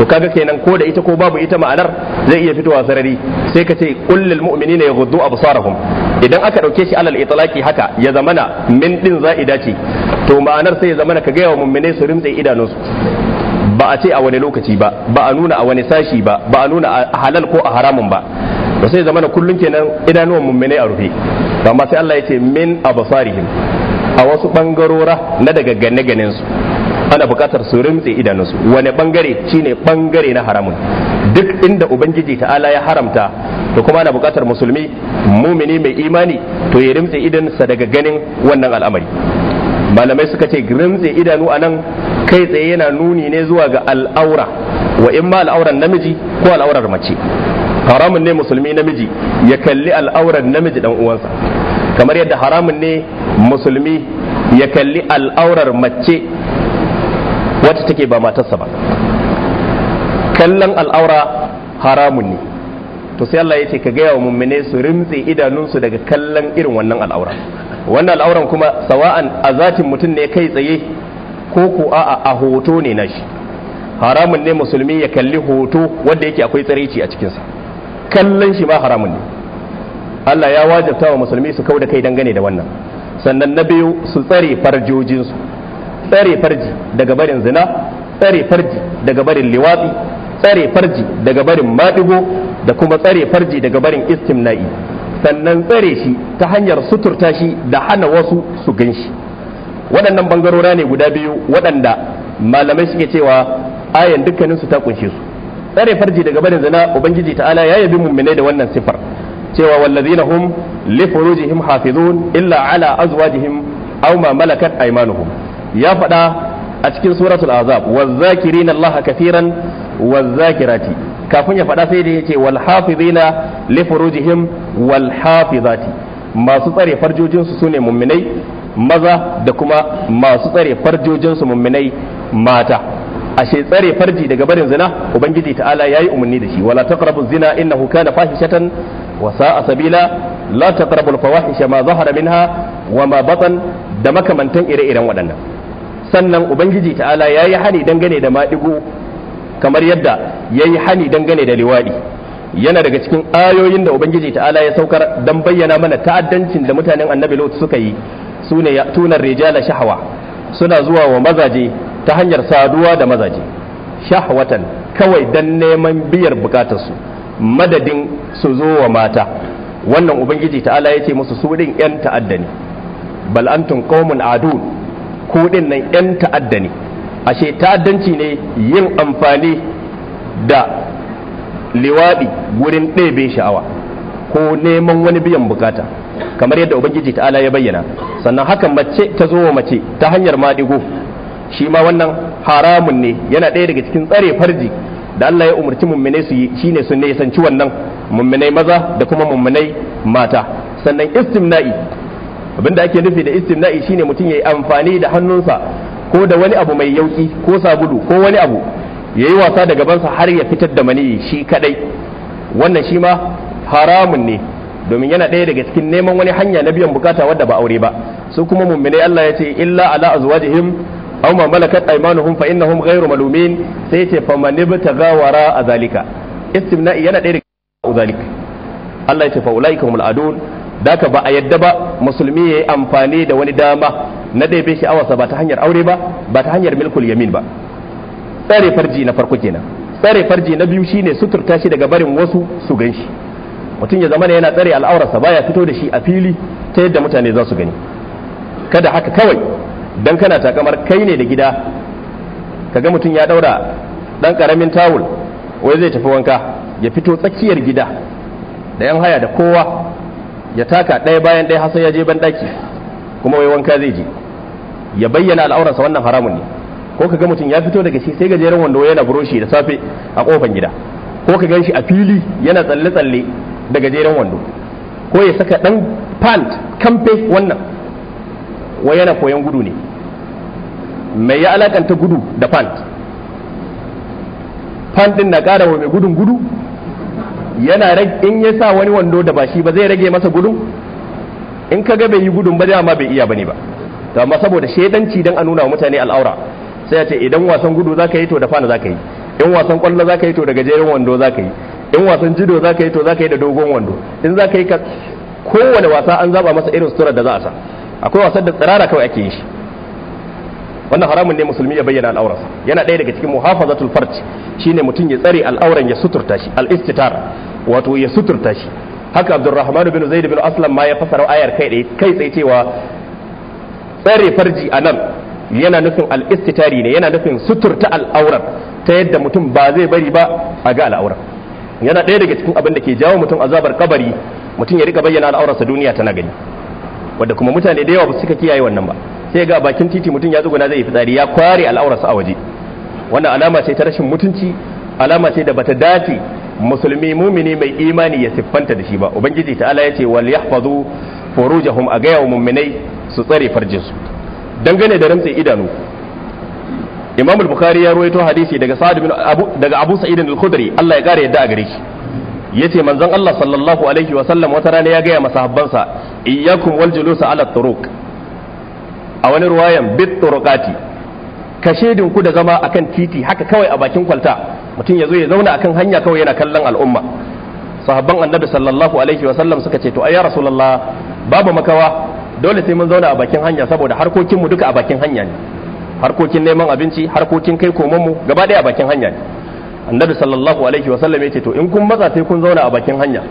to kaga kenan ko da ita ko babu ita ma'anar zai iya fitowa sarari sai ka ce mumini ya mu'minina a absarahum idan aka ɗauke shi alal itlaqi haka ya zamana min ɗin za'ida dace. to ma'anar sai ya zamana ka ga wa su rimtse idanunsu ba a ce a wani lokaci ba ba a nuna a wani sashi ba ba a nuna a halal ko a haramun ba to sai zamana kullun kenan idanuwan mu'mine a rufe amma sai Allah ya ce min absarihim a wasu bangarora na daga gane ganin su ana bukatar su rimtse idanunsu wani bangare ne bangare na haramun duk inda ubangiji ta'ala ya haramta to kuma ana bukatar musulmi mumini mai imani to ya rimtse idanunsa daga ganin wannan al'amari malamai suka ce rimtse idanu a nan kai tsaye yana nuni ne zuwa ga al'aura wa in ma al'auran namiji ko al'aurar mace haramun ne musulmi namiji ya kalli al'aurar namiji dan uwansa kamar yadda haramun ne musulmi ya kalli al'aurar mace wacce take ba matarsa ba kallon al'aura haramun ne to sai Allah ya ce ka gaya wa mummune su rimtse idanunsu daga kallon irin wannan al'aura wannan al'auran kuma sawa'an a zatin mutum ne kai tsaye ko ko a'a a hoto ne na shi haramun ne musulmi ya kalli hoto wanda yake akwai tsareci a cikinsa kallon shi ma haramun ne Allah ya wajabta wa musulmi su kau da kai dangane da wannan sannan na biyu su tsare farjojinsu tsare farji daga barin zina tsare farji daga barin liwatsi tsare farji daga barin maɗigo da kuma tsare farji daga barin istimna'i sannan tsare shi ta hanyar suturta shi da hana wasu su gan shi waɗannan bangarora ne guda biyu waɗanda malamai suke cewa ayan dukkaninsu ta kunshe su tsare farji daga barin zina ubangiji ta'ala ya yabi mumminai da wannan sifar cewa wallazina hum li furujihim hafizun illa ala azwajihim aw ma malakat aymanuhum ya faɗa a cikin suratul azab wazzakirin Allah kathiran wazzakirati kafin ya faɗa sai da yace wal hafizina li furujihim wal hafizati masu tsare farjojin su sune mumminai maza da kuma masu tsare farjojin su mumminai mata ashe tsare farji daga barin zina ubangiji ta'ala yayi umarni da shi wala taqrabu zina innahu kana fahishatan wa sa'a sabila la taqrabu al fawahisha ma zahara minha wa ma batan da makamantan ire-iren waɗannan sannan ubangiji ta'ala ya yi hani dangane da maɗigo kamar yadda ya yi hani dangane da liwaɗi yana daga cikin ayoyin da ubangiji ta'ala ya saukar don bayyana mana ta'addancin da mutanen annabi lot suka yi su ne tunan rijala shahwa suna zuwa wa mazaje ta hanyar saduwa da mazaje shahwatan kawai don neman biyar bukatarsu madadin su zo wa mata wannan ubangiji ta'ala ya ce musu su ɗin 'yan ta'adda ne bal antum qaumun adun ku din nan yan ta'adda ne ashe ta'addanci ne yin amfani da liwaɗi gurin ɗebe sha'awa ko neman wani biyan bukata kamar yadda ubangiji ta'ala ya bayyana sannan haka mace ta zo wa mace ta hanyar maɗigo shi ma wannan haramun ne yana ɗaya daga cikin tsare farji da Allah ya umarci mummune su yi shine su ne sanci wannan mummunai maza da kuma mummunai mata sannan istimna'i Abin da ake nufi da istimna'i shine mutum ya yi amfani da hannunsa ko da wani abu mai yauki ko sabulu ko wani abu ya yi wasa da gabansa har ya fitar da maniyi shi kadai wannan shi ma haramun ne domin yana ɗaya daga cikin neman wani hanya na biyan bukata wadda ba aure ba su kuma mumminai Allah ya ce illa ala azwajihim aw ma malakat aymanuhum fa innahum ghayru malumin sai ya ce faman ibtaga wara azalika istimna'i yana ɗaya daga zalika Allah ya ce fa ulaika humul adun daka ba a yadda ba musulmi ya yi amfani da wani dama na shi sha'awarsa ba ta hanyar aure ba ba ta hanyar milkul yamin ba tsare farji na farko kenan tsare farji na biyu shine suturta shi daga barin wasu su gan shi mutum ya zama yana tsare al'aurarsa baya fito da shi a fili ta yadda mutane za su gani kada haka kawai dan kana takamar kai ne da gida kaga mutum ya daura dan karamin tawul wai zai tafi wanka ya fito tsakiyar gida da yan haya da kowa ya taka ɗaya bayan ɗaya Hassan ya je ban ɗaki kuma wai wanka zai je ya bayyana al'aurarsa wannan haramun ne ko ka ga mutum ya fito daga shi sai gajeren wando yana buroshi da safe a kofan gida ko ka shi a fili yana tsalle-tsalle da gajeren wando ko ya saka ɗan pant kamfe wannan wai yana koyon gudu ne mai ya alakanta gudu da pant pant din na ƙara wa mai gudun gudu yana rage in ya sa wani wando da ba shi ba zai rage masa gudun in ka ga bai yi gudun ba dama bai iya bane ba to amma saboda shedanci dan a nuna wa mutane al'aura sai ya ce idan wasan gudu zaka yi to da fana zaka yi in wasan kwallo zaka yi to da gajeren wando zaka yi in wasan jido zaka yi to zaka yi da dogon wando in zaka yi ka kowane wasa an zaba masa irin suturar da za a sa akwai wasan da tsirara kawai ake yi shi wannan haramun ne musulmi ya bayyana al'aurarsa yana ɗaya daga cikin muhafazatul farj shine mutum ya tsare al'auran ya suturta shi al-istitar wato ya suturta shi haka abdurrahman bin zaid bin aslam ma ya fasara ayar kai ɗaya kai tsaye cewa tsare farji anan yana nufin al-istitari ne yana nufin suturta al'auran ta yadda mutum ba zai bari ba a ga al'auran yana ɗaya daga cikin abin da ke jawo mutum azabar kabari mutum ya rika bayyana al'aurarsa duniya tana gani wanda kuma mutane da yawa ba suka kiyaye wannan ba sai ga bakin titi mutum ya tsuguna zai yi fitsari ya kware al'aurarsa a waje wannan alama ce ta rashin mutunci alama ce da bata dace musulmi mumini mai imani ya siffanta da shi ba ubangiji ta'ala ya ce wal yahfazu furujahum a gaya wa mumminai su tsare farjinsu dangane da ramtsin idanu imam al-bukhari ya ruwaito hadisi daga sa'ad bin abu daga abu sa'id al-khudri Allah ya kare yadda a gare shi yace manzon Allah sallallahu alaihi wa sallam wata rana ya gaya masahabbansa iyyakum wal julusa ala turuq a wani ruwayan bit turqati ka shedin ku da zama akan titi haka kawai a bakin kwalta mutum ya zo ya zauna akan hanya kawai yana kallon al'umma sahabban annabi sallallahu alaihi wa sallam suka ce to ayya rasulullah babu makawa dole sai mun zauna a bakin hanya saboda harkokin mu duka a bakin hanya ne harkokin neman abinci harkokin kai komon mu gaba daya a bakin hanya ne annabi sallallahu alaihi wa sallam ce to in kun maza sai kun zauna a bakin hanya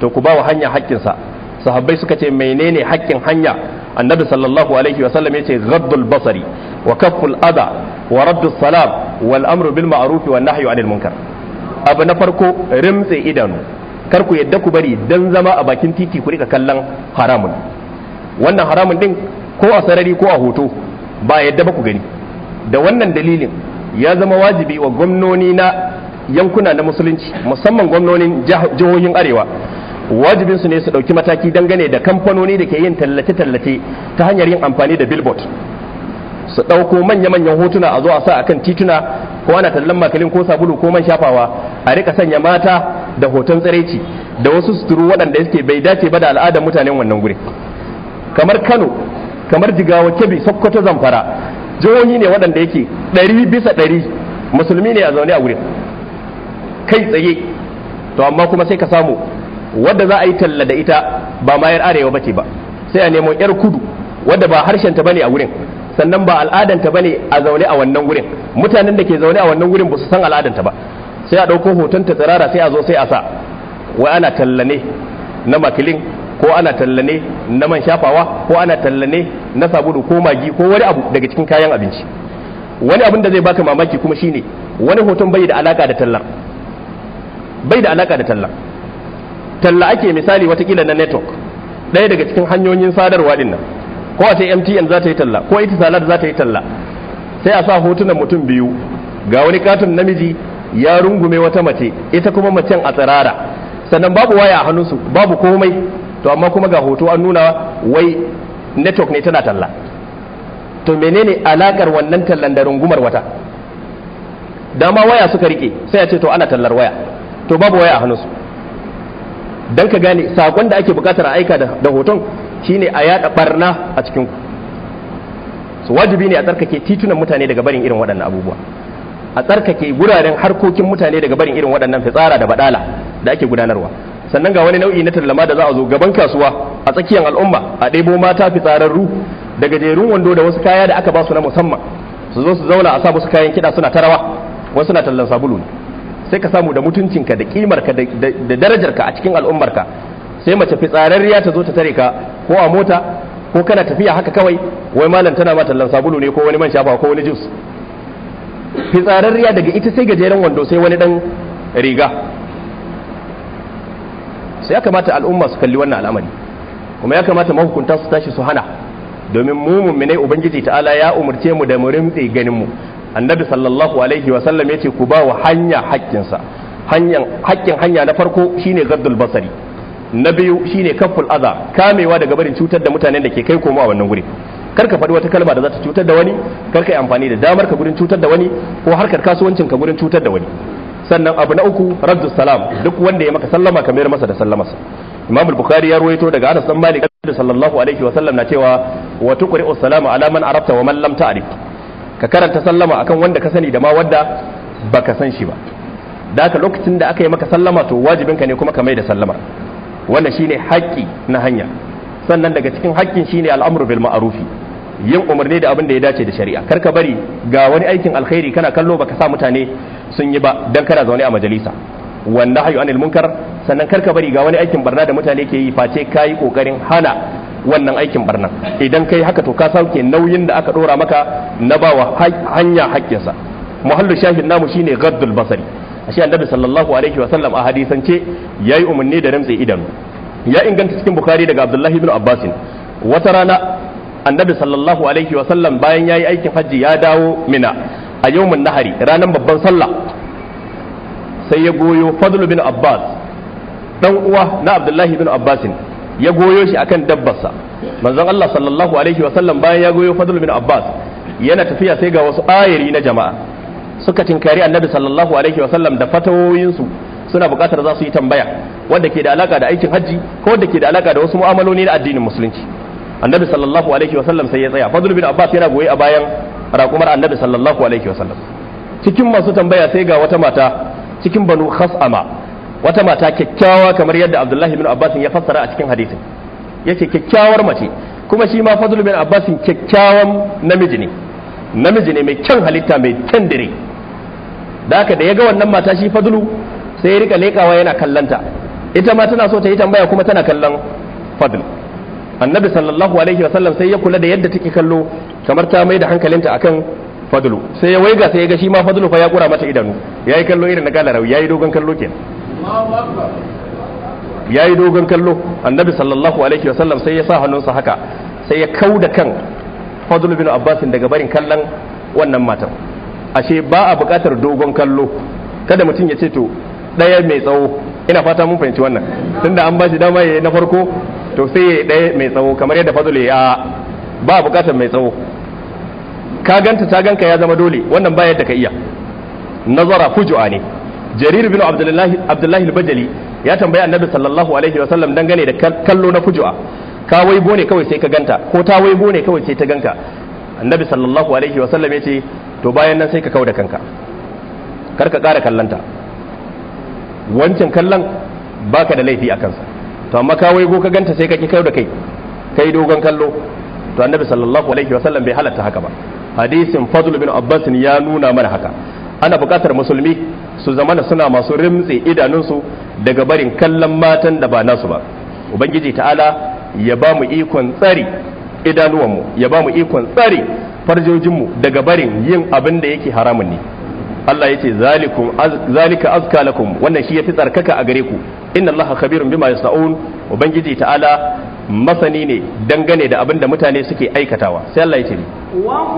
to ku ba wa hanya haƙƙinsa sahabbai suka ce menene hakkin hanya annabi sallallahu alaihi wa sallam yace ghaddul basari wa kafful adha wa raddus salam wal amru bil ma'ruf wa nahyu anil munkar abu na farko rimtse idanu kar ku yadda ku bari dan zama a bakin titi ku rika kallon haramun wannan haramun din ko a sarari ko a hoto ba yadda ba ku gani da wannan dalilin ya zama wajibi wa gwamnoni na yankuna na musulunci musamman gwamnonin jihohin arewa wajibin su ne su dauki mataki dangane da kamfanoni da ke yin tallace-tallace ta hanyar yin amfani da billboard su dauko manya-manyan hotuna a zo a sa akan tituna ko ana tallan makalin ko sabulu ko man shafawa a rika sanya mata da hoton tsiraici da wasu suturu waɗanda suke bai dace ba da al'adar mutanen wannan gurin kamar kano kamar jigawa kebbi sokoto zamfara jihohi ne waɗanda yake ɗari bisa ɗari musulmi ne a zaune a wurin kai tsaye to amma kuma sai ka samu wadda za a yi talla da ita ba ma yar arewa bace ba sai a nemo yar kudu wadda ba harshen ta bane a wurin sannan ba ta bane a zaune a wannan wurin mutanen da ke zaune a wannan wurin ba su san ta ba sai a ɗauko hoton ta tsirara sai a zo sai a sa wai ana talla ne na makilin ko ana talla ne na man shafawa ko ana talla ne na sabulu ko magi ko wani abu daga cikin kayan abinci wani abin da zai baka mamaki kuma shine wani hoton bai da alaka da tallar bai da alaka da tallar talla ake misali watakila na network ɗaya daga cikin hanyoyin sadarwa din nan ko a ce mtn za ta yi talla ko itisalat za ta yi talla sai a sa hotunan mutum biyu ga wani katon namiji ya rungume wata mace ita kuma macen a tsirara sannan babu waya a hannunsu babu komai to amma kuma ga hoto an nuna wai network ne tana talla to menene alakar wannan tallan da rungumar wata dama waya suka rike sai a ce to ana tallar waya to babu waya a hannunsu dan ka gane sakon da ake bukatar aika da hoton shine a yada barna a cikin ku so wajibi ne a tsarkake titunan mutane daga barin irin waɗannan abubuwa a tsarkake guraren harkokin mutane daga barin irin waɗannan fitsara da badala da ake gudanarwa sannan ga wani nau'i na tallama da za a zo gaban kasuwa a tsakiyar al'umma a ɗebo mata fitsararru da gajerun wando da wasu kaya da aka ba su na musamman su zo su zauna a sa musu kayan kiɗa suna tarawa rawa wasu na tallan sabulu ne sai ka samu da mutuncinka da kimarka da darajarka a cikin al'ummarka sai mace fitsararriya ta zo ta tare ka ko a mota ko kana tafiya haka kawai wai malam tana ma tallan sabulu ne ko wani man shafa ko wani jus. fitsararriya daga ita sai gajeren wando sai wani dan riga sai ya kamata al'umma su kalli wannan al'amari kuma ya kamata mahukunta su tashi su hana domin mu mummune ubangiji ta'ala ya umurce mu da mu rimtse ganin mu annabi sallallahu alaihi wa sallam yace ku ba wa hanya haƙƙinsa hanyan haƙƙin hanya na farko shine gaddul basari na biyu shine kaful adha kamewa daga barin cutar da mutanen da ke kai koma a wannan guri kar ka faɗi wata kalma da za ta cutar da wani kar ka yi amfani da damar ka gurin cutar da wani ko harkar kasuwancin ka gurin cutar da wani sannan abu na uku raddu salam duk wanda ya maka sallama ka mayar masa da sallamarsa imam al-bukhari ya ruwaito daga anas dan malik sallallahu alaihi wa sallam na cewa wa tuqri'u salama ala man arafta wa man lam ta'rif ka karanta sallama akan wanda ka sani da ma wanda baka san shi ba da haka lokacin da aka yi maka sallama to wajibinka ne kuma ka mai da sallama wannan shine haƙƙi na hanya sannan daga cikin haƙƙin shine al'amru bil ma'rufi yin umarni da abin da ya dace da shari'a kar ka bari ga wani aikin alkhairi kana kallo baka sa mutane sun yi ba dan kana zaune a majalisa wanda hayu anil munkar sannan kar ka bari ga wani aikin barna da mutane ke yi face yi kokarin hana wannan aikin barna idan kai haka to ka sauke nauyin da aka dora maka na bawa hanya haƙƙinsa muhallu shahid namu shine gaddul basari ashe annabi sallallahu alaihi wa sallam a hadisance yayi umarni da ramtsi idanu ya inganta cikin bukhari daga abdullahi ibn abbas wata rana annabi sallallahu alaihi wa sallam bayan yayi aikin hajji ya dawo mina a yawmin nahari ranar babban sallah sai ya goyo fadlu bin abbas dan uwa na abdullahi ibn abbas ya goyo shi akan dabbarsa manzon Allah sallallahu alaihi wa sallam bayan ya goyo Fadl bin Abbas yana tafiya sai ga wasu ayari na jama'a suka tinkari annabi sallallahu alaihi wa sallam da fatawoyinsu suna buƙatar za su yi tambaya wanda ke da alaka da aikin hajji ko wanda ke da alaka da wasu mu'amaloni na addinin musulunci annabi sallallahu alaihi wa sallam sai ya tsaya Fadl bin Abbas yana goye a bayan raƙumar annabi sallallahu alaihi wa sallam cikin masu tambaya sai ga wata mata cikin banu khas'ama wata mata kyakkyawa kamar yadda abdullahi bin abbas ya fassara a cikin hadisin yace kyakkyawar mace kuma shi ma fadlu bin abbas kyakkyawan namiji ne namiji ne mai kyan halitta mai kyan dire da haka da ya ga wannan mata shi fadlu sai ya rika lekawa yana kallanta ita ma tana so ta yi tambaya kuma tana kallon fadl annabi sallallahu alaihi wa sallam sai ya kula da yadda take kallo kamar ta mai da hankalinta akan fadlu sai ya waiga sai ya ga shi ma fadlu fa ya kura mata idanu yayi kallo irin na galarau yayi dogon kallo kenan ya yi dogon kallo annabi sallallahu alaihi wasallam sai ya sa hannunsa haka sai ya kau da kan fadul bin abbasin daga barin kallon wannan matan ashe ba a buƙatar dogon kallo kada mutum ya ce to ɗaya mai tsawo ina fata mun fahimci wannan tunda an ba shi dama ya na farko to sai ya ɗaya mai tsawo kamar yadda fadul ya ba a buƙatar mai tsawo ka ganta ta ganka ya zama dole wannan ba yadda ka iya nazara fuju'a ne jarir bin abdullahi abdullahi bajali ya tambaya annabi sallallahu alaihi wa sallam dangane da kallo na fujua ka waibo ne kawai sai ka ganta ko ta waibo ne kawai sai ta ganka annabi sallallahu alaihi wa sallam yace to bayan nan sai ka kauda kanka kar ka kara kallanta wancan kallon baka da laifi a kansa to amma ka waigo ka ganta sai ka ki kauda kai kai dogon kallo to annabi sallallahu alaihi wa sallam bai halatta haka ba hadisin fadl bin abbas ya nuna mana haka ana buƙatar musulmi su zamana suna masu rimtse idanunsu daga barin kallon matan da ba nasu ba ubangiji ta'ala ya ba mu ikon tsari idanuwanmu ya ba mu ikon tsari farjojinmu daga barin yin abin da yake haramun ne Allah ya ce zalika azka lakum wannan shi yafi tsarkaka a gare ku inna Allah khabirun bima yasnaun ubangiji ta'ala masani ne dangane da abin da mutane suke aikatawa sai Allah ya ce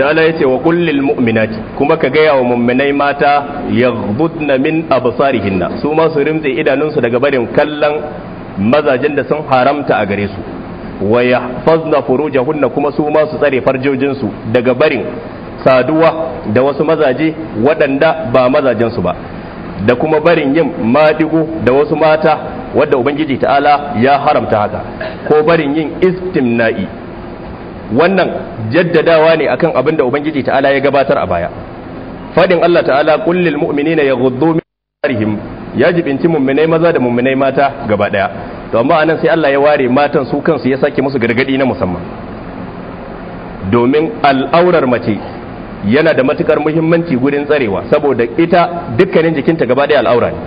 ta'ala yace wa kullil mu'minati kuma ka gaya wa mu'minai mata yaghbutna min absarihinna su ma su rimtse idanunsu daga barin kallon mazajen da sun haramta a gare su wa yahfazna furujahunna kuma su ma su tsare farjojinsu daga barin saduwa da wasu mazaje waɗanda ba su ba da kuma barin yin madigo da wasu mata wadda ubangiji ta'ala ya haramta haka ko barin yin istimna'i wannan jaddadawa ne akan abin da ubangiji ta'ala ya gabatar a baya fadin Allah ta'ala qul lil mu'minina yaghuddu min ya yajibinci mu'minai maza da mu'minai mata gaba daya to amma anan sai Allah ya ware matan su kansu ya sake musu gargadi na musamman domin al'aurar mace yana da matukar muhimmanci gurin tsarewa saboda ita dukkanin jikinta gaba daya al'aura ne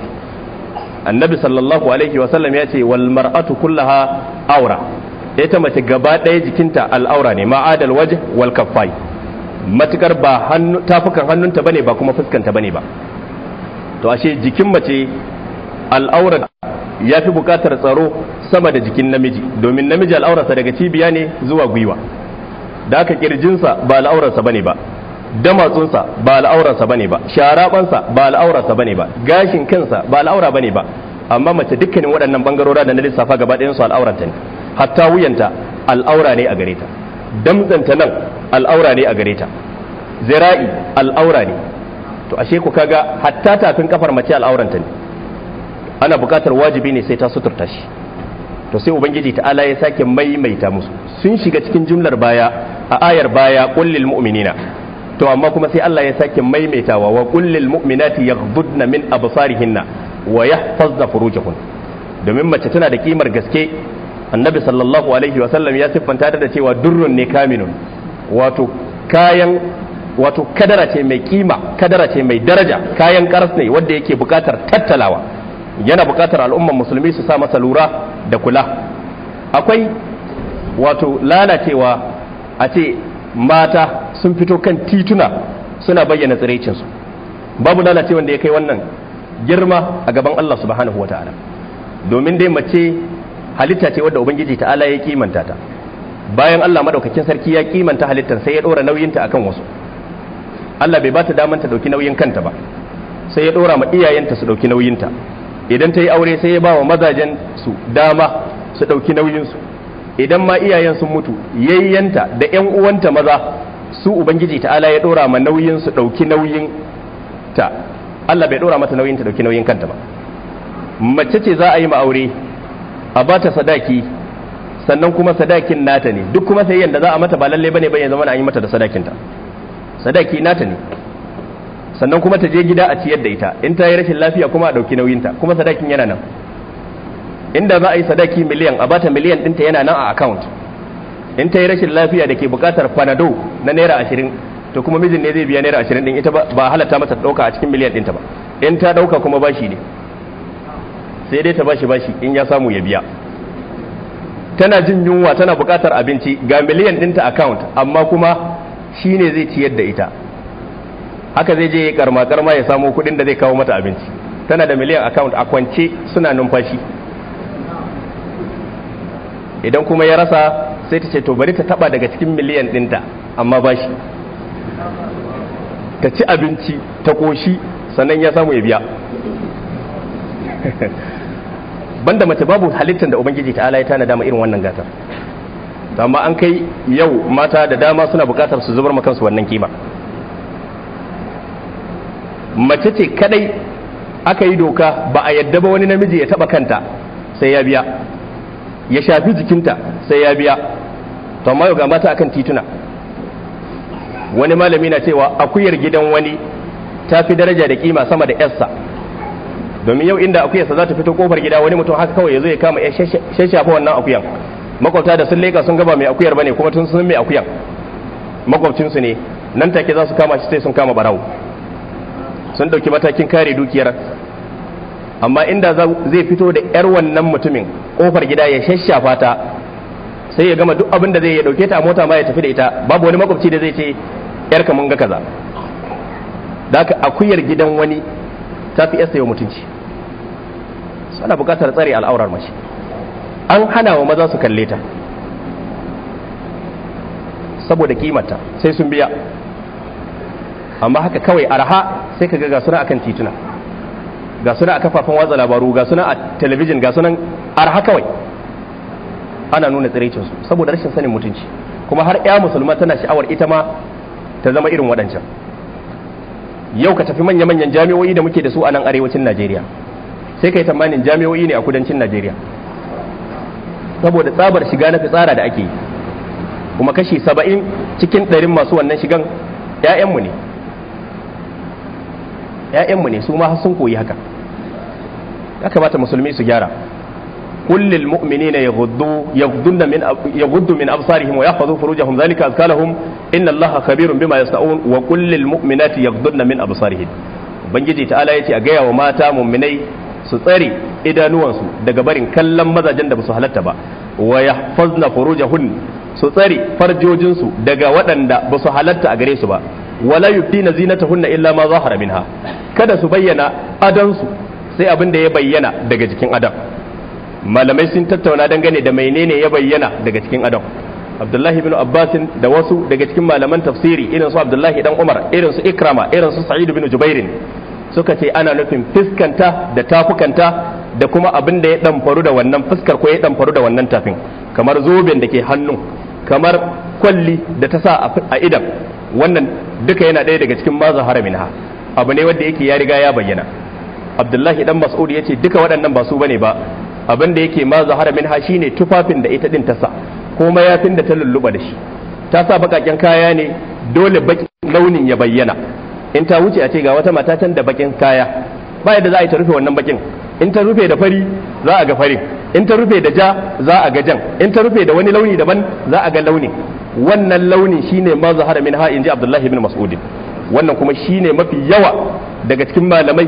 annabi sallallahu alaihi wasallam ya ce wal mar'atu kullaha aura ita mace gaba ɗaya jikinta al'aura ne ma'adal waje wal kaffai matukar ba hannu tafukan hannunta bane ba kuma fuskanta bane ba to ashe jikin mace al'aura ya fi bukatar tsaro sama da jikin namiji domin namiji al'aurarsa daga cibiya ne zuwa gwiwa da aka kirjinsa ba al'aurarsa bane ba damatsunsa ba al'aurarsa bane ba sharabansa ba al'aurarsa bane ba gashin kansa ba al'aura bane ba amma mace dukkanin waɗannan bangarora da na lissafa gaba ɗayan su al'aurarta ne hatta wuyanta al'aura ne a gare ta damzanta nan al'aura ne a gare ta zira'i al'aura ne to ashe ku kaga hatta tafin kafar mace al'auranta ne ana buƙatar wajibi ne sai ta suturta shi to sai ubangiji ala ya sake maimaita musu sun shiga cikin jumlar baya a ayar baya kullil mu'minina to amma kuma sai Allah ya sake maimaitawa wa kullil mu'minati yaghdudna min absarihinna wa yahfazna furujahun domin mace tana da kimar gaske annabi sallallahu alaihi wasallam ya siffanta ta da cewa durrun ne kaminun wato kayan wato kadara ce mai kima kadara ce mai daraja kayan karas ne wanda yake bukatar tattalawa yana bukatar al'umman musulmi su sa masa lura da kula akwai wato lalacewa a ce mata sun fito kan tituna suna bayyana tsiraicinsu babu lalacewa da ya kai wannan girma a gaban Allah subhanahu wa ta'ala domin dai mace halitta ce wadda ubangiji ta'ala ya kimanta ta bayan Allah madaukakin sarki ya kimanta halittar sai ya dora nauyinta akan wasu Allah bai ba ta daman ta dauki nauyin kanta ba sai ya dora ma iyayenta su dauki ta idan ta yi aure sai ya ba wa mazajen su dama su dauki nauyinsu idan ma iyayen sun mutu yayyanta da yan uwanta maza su ubangiji ta'ala ya dora ma nauyin su dauki nauyin ta Allah bai dora mata nauyin ta dauki nauyin kanta ba mace ce za a yi ma aure a ba ta sadaki sannan kuma sadakin nata ne duk kuma sai yadda za a mata ba lalle bane ba ya zama an yi mata da sadakinta sadaki nata ne sannan kuma ta je gida a ciyar da ita in ta yi rashin lafiya kuma a ɗauki nauyinta kuma sadakin yana nan inda za a yi sadaki miliyan a bata miliyan dinta yana nan a account in ta yi rashin lafiya da ke buƙatar panado na naira ashirin to kuma mijin ne zai biya naira ashirin din ita ba halatta mata ɗauka a cikin miliyan dinta ba in ta ɗauka kuma bashi ne sai dai ta bashi bashi in ya samu ya biya tana jin yunwa tana buƙatar abinci ga miliyan ɗinta account amma kuma shine zai ciyar da ita haka zai je ya karma karma ya samo kuɗin da zai kawo mata abinci tana da miliyan account a kwance suna numfashi idan kuma ya rasa sai ta ce to bari ta taba daga cikin miliyan ɗinta amma bashi ta ci abinci ta ƙoshi sannan ya samu ya biya (laughs) banda mace babu halittar da ubangiji ta'ala ya tana dama irin wannan gatar amma an kai yau mata da dama suna bukatar su zubar makansu wannan kima mace ce kadai aka yi doka ba a yadda ba wani namiji ya taba kanta sai ya biya ya shafi jikinta sai ya biya to amma yau ga mata akan tituna wani malami na cewa akuyar gidan wani ta fi daraja da kima sama da yarsa domin yau inda akuyar sa za ta fito kofar gida wani mutum haka kawai ya zo ya kama ya shashafa wannan akuyan makwabta da sun leka sun gaba mai akuyar bane kuma tun sun mai akuyan makwabcin su ne nan take za su kama shi sai sun kama barawo sun dauki matakin kare dukiyar amma inda zai fito da yar wannan mutumin kofar gida ya shashafa ta sai ya gama duk abin da zai ya dauke ta a mota ma ya tafi da ita babu wani makwabci da zai ce yar mun ga kaza da akuyar gidan wani ta fi yasa mutunci ana buƙatar tsare al'aurar mace an hana wa maza su kalle ta saboda kimarta sai sun biya amma haka kawai arha sai ka ga suna akan tituna ga suna a kafafen watsa labaru ga suna a talabijin ga sunan arha kawai ana nuna tsiraicinsu saboda rashin sanin mutunci kuma har 'ya musulma tana sha'awar ita ma ta zama irin waɗancan yau ka tafi manya-manyan jami'o'i da muke da su a nan arewacin najeriya sai kai tamanin jami'o'i ne a kudancin najeriya saboda tsabar shiga na fitsara da ake yi kuma kashi saba'in cikin ɗarin masu wannan shigan 'ya'yanmu ne ‘ya'yanmu ne su ma sun koyi haka ya kamata musulmi su gyara kullil mu'minina yaghdunna min yaghuddu min absarihim wa yahfazu furujahum zalika azkalahum inna allaha khabirun bima sa'un wa kullil mu'minati guddu min absarihin ubangiji ta'ala ce a gaya wa mata mu'minai su tsare idanuwansu daga barin kallon mazajen da ba su halatta ba wa ya yahfazna hun su tsare farjojinsu daga waɗanda ba su halatta a gare su ba wala na zinata hunna illa ma za haramin ha? kada su bayyana adansu sai abin da ya bayyana daga jikin adam malamai sun tattauna dangane da menene ya bayyana daga cikin adam abdullahi bin abbasin da wasu daga cikin malaman tafsiri irin su abdullahi dan umar irin su ikrama irin su sa'id bin jubairin suka ce ana nufin fiskanta da tafukanta da kuma abin da ya ɗamfaru da wannan fuskar ko ya damfaru da wannan tafin kamar zoben da ke hannu kamar kwalli da ta sa a idan wannan duka yana ɗaya daga cikin maza haramin ha abu ne wanda yake ya riga ya bayyana abdullahi dan mas'ud ya ce duka waɗannan ba su bane ba abin da yake maza haramin ha shine tufafin da ita ɗin ta sa ko mayafin da ta lulluɓa da shi ta sa baƙaƙen kaya ne dole baƙin launin ya bayyana in ta wuce a ce ga wata mata can da bakin kaya ba yadda za a yi ta rufe wannan bakin in ta rufe da fari za a ga fari, in ta rufe da ja za a ga jan in ta rufe da wani launi daban za a ga launi wannan launi shine ma zahara min ha inji abdullahi ibn mas'ud wannan kuma shine mafi yawa daga cikin malamai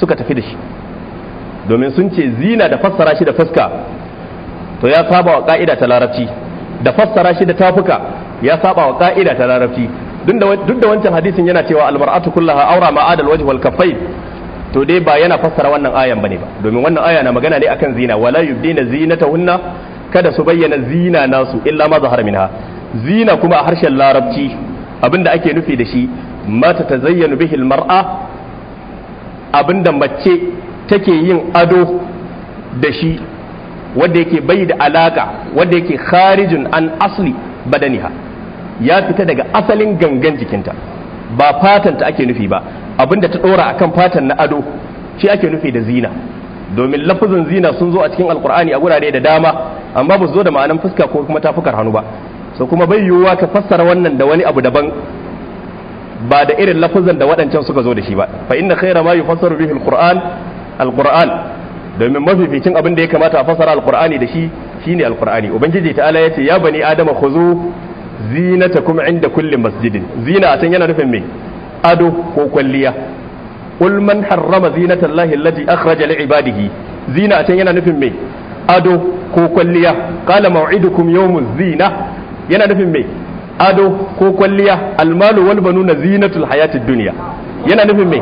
suka tafi da shi domin sun ce zina da fassara shi da fuska to ya saba wa ka'ida ta larabci da fassara shi da tafuka ya saba wa ka'ida ta larabci duk da wancan hadisin yana cewa almar'atu kullaha aura ma adal wajh wal kaffayn to dai ba yana fassara wannan ayan bane ba domin wannan aya na magana ne akan zina wala yubdina zinatahunna kada su bayyana zina nasu illa ma zahara minha zina kuma a harshen larabci abinda ake nufi da shi mata tazayyanu bihi almar'a abinda mace take yin ado da shi wanda yake bai da alaka wanda yake kharijun an asli badaniha ya fita daga asalin gangan jikinta ba fatan ta ake nufi ba abinda ta dora akan fatan na ado shi ake nufi da zina domin lafazin zina sun zo a cikin alkur'ani a gurare da dama amma ba su zo da ma'anan fuska ko kuma tafukar hannu ba so kuma bai yiwuwa ka fassara wannan da wani abu daban ba da irin lafazin da waɗancan suka zo da shi ba fa inna khayra ma yufassaru bihi alquran alquran domin mafificin abin da ya kamata a fassara alqur'ani da shi shine alqur'ani ubangiji ta'ala yace ya bani adama khuzu Zinata kuma inda kulli masjidin zina a can yana nufin me ado ko kwalliya qul man harrama zinata allahi allati akhraja li ibadihi zina a can yana nufin me ado ko kwalliya qala maw'idukum yawmuz zina yana nufin me ado ko kwalliya almalu wal banuna zinatul hayatid dunya yana nufin me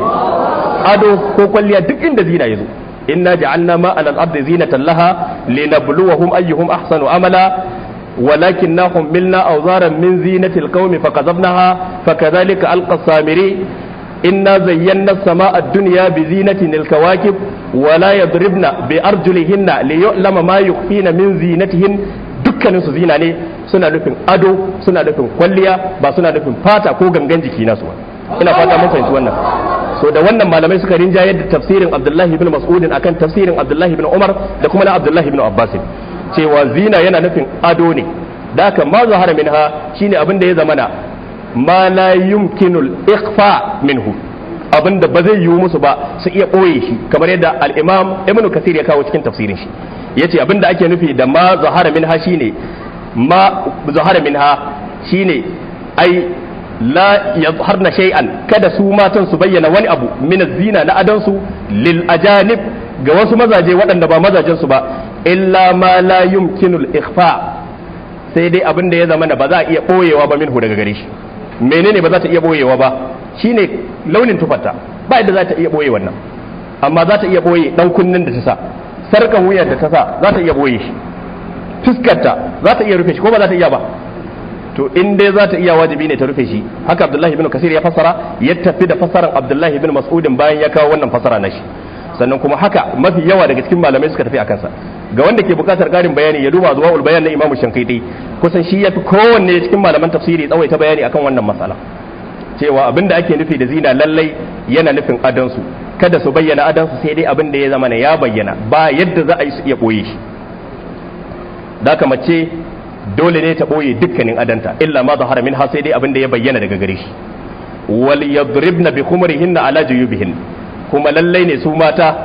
ado ko kwalliya duk inda zina yazo inna ja'alna ma alal ardi zinatan laha linabluwahum ayyuhum ahsanu amala walakin na humilna auzaran min zinatil qaumi fakazabnaha fakazalika alqa samiri inna zayyana الدنيا ad الكواكب bi zinatin al ليؤلم wala يخفين bi زينتهن liyu'lama ma su zina ne suna nufin ado suna nufin kwalliya ba suna nufin fata ko gangan jiki nasu ba ina fata mun fahimci wannan so da wannan malamai suka rinjayar da tafsirin Abdullahi ibn Mas'udin akan tafsirin Abdullahi ibn Umar da kuma na Abdullahi ibn Abbas cewa zina yana nufin ado ne da haka ma zahara minha shine abin da ya zamana ma la yumkinul ikhfa minhu abin da ba zai yiwu musu ba su iya ɓoye shi kamar yadda al-imam ibnu kasir ya kawo cikin tafsirin shi yace abin da ake nufi da ma zahara minha shine ma zahara minha shine ai la yadharna shay'an kada su matan su bayyana wani abu min zina na adansu lil ajanib ga wasu mazaje waɗanda ba mazajen su ba illa ma la yumkinul ikhfa sai dai abin da ya zama da ba za a iya boyewa ba minhu daga gare shi menene ba za ta iya boyewa ba shine launin tufarta ba yadda za ta iya boye wannan amma za ta iya boye dan kunnin da ta sa sarkan wuyar da ta sa za ta iya boye shi fuskarta za ta iya rufe shi ko ba za ta iya ba to in dai za ta iya wajibi ne ta rufe shi haka abdullahi ibn kasir ya fassara ya tafi da fassarar abdullahi ibn mas'udin bayan ya kawo wannan fassara na shi sannan kuma haka mafi yawa daga cikin malamai suka tafi a kansa ga wanda ke bukatar karin bayani ya duba zuwa ul bayan na imamu shankaiti kusan shi ya fi kowanne cikin malaman tafsiri ta bayani akan wannan matsala cewa abin da ake nufi da zina lallai yana nufin adansu kada su bayyana adansu sai dai abin da ya zama ya bayyana ba yadda za a yi su iya boye shi da mace dole ne ta boye dukkanin adanta illa ma za haramin ha sai dai abin da ya bayyana daga gare shi wal yadribna bi khumurihinna ala juyubihinna kuma lallai ne su mata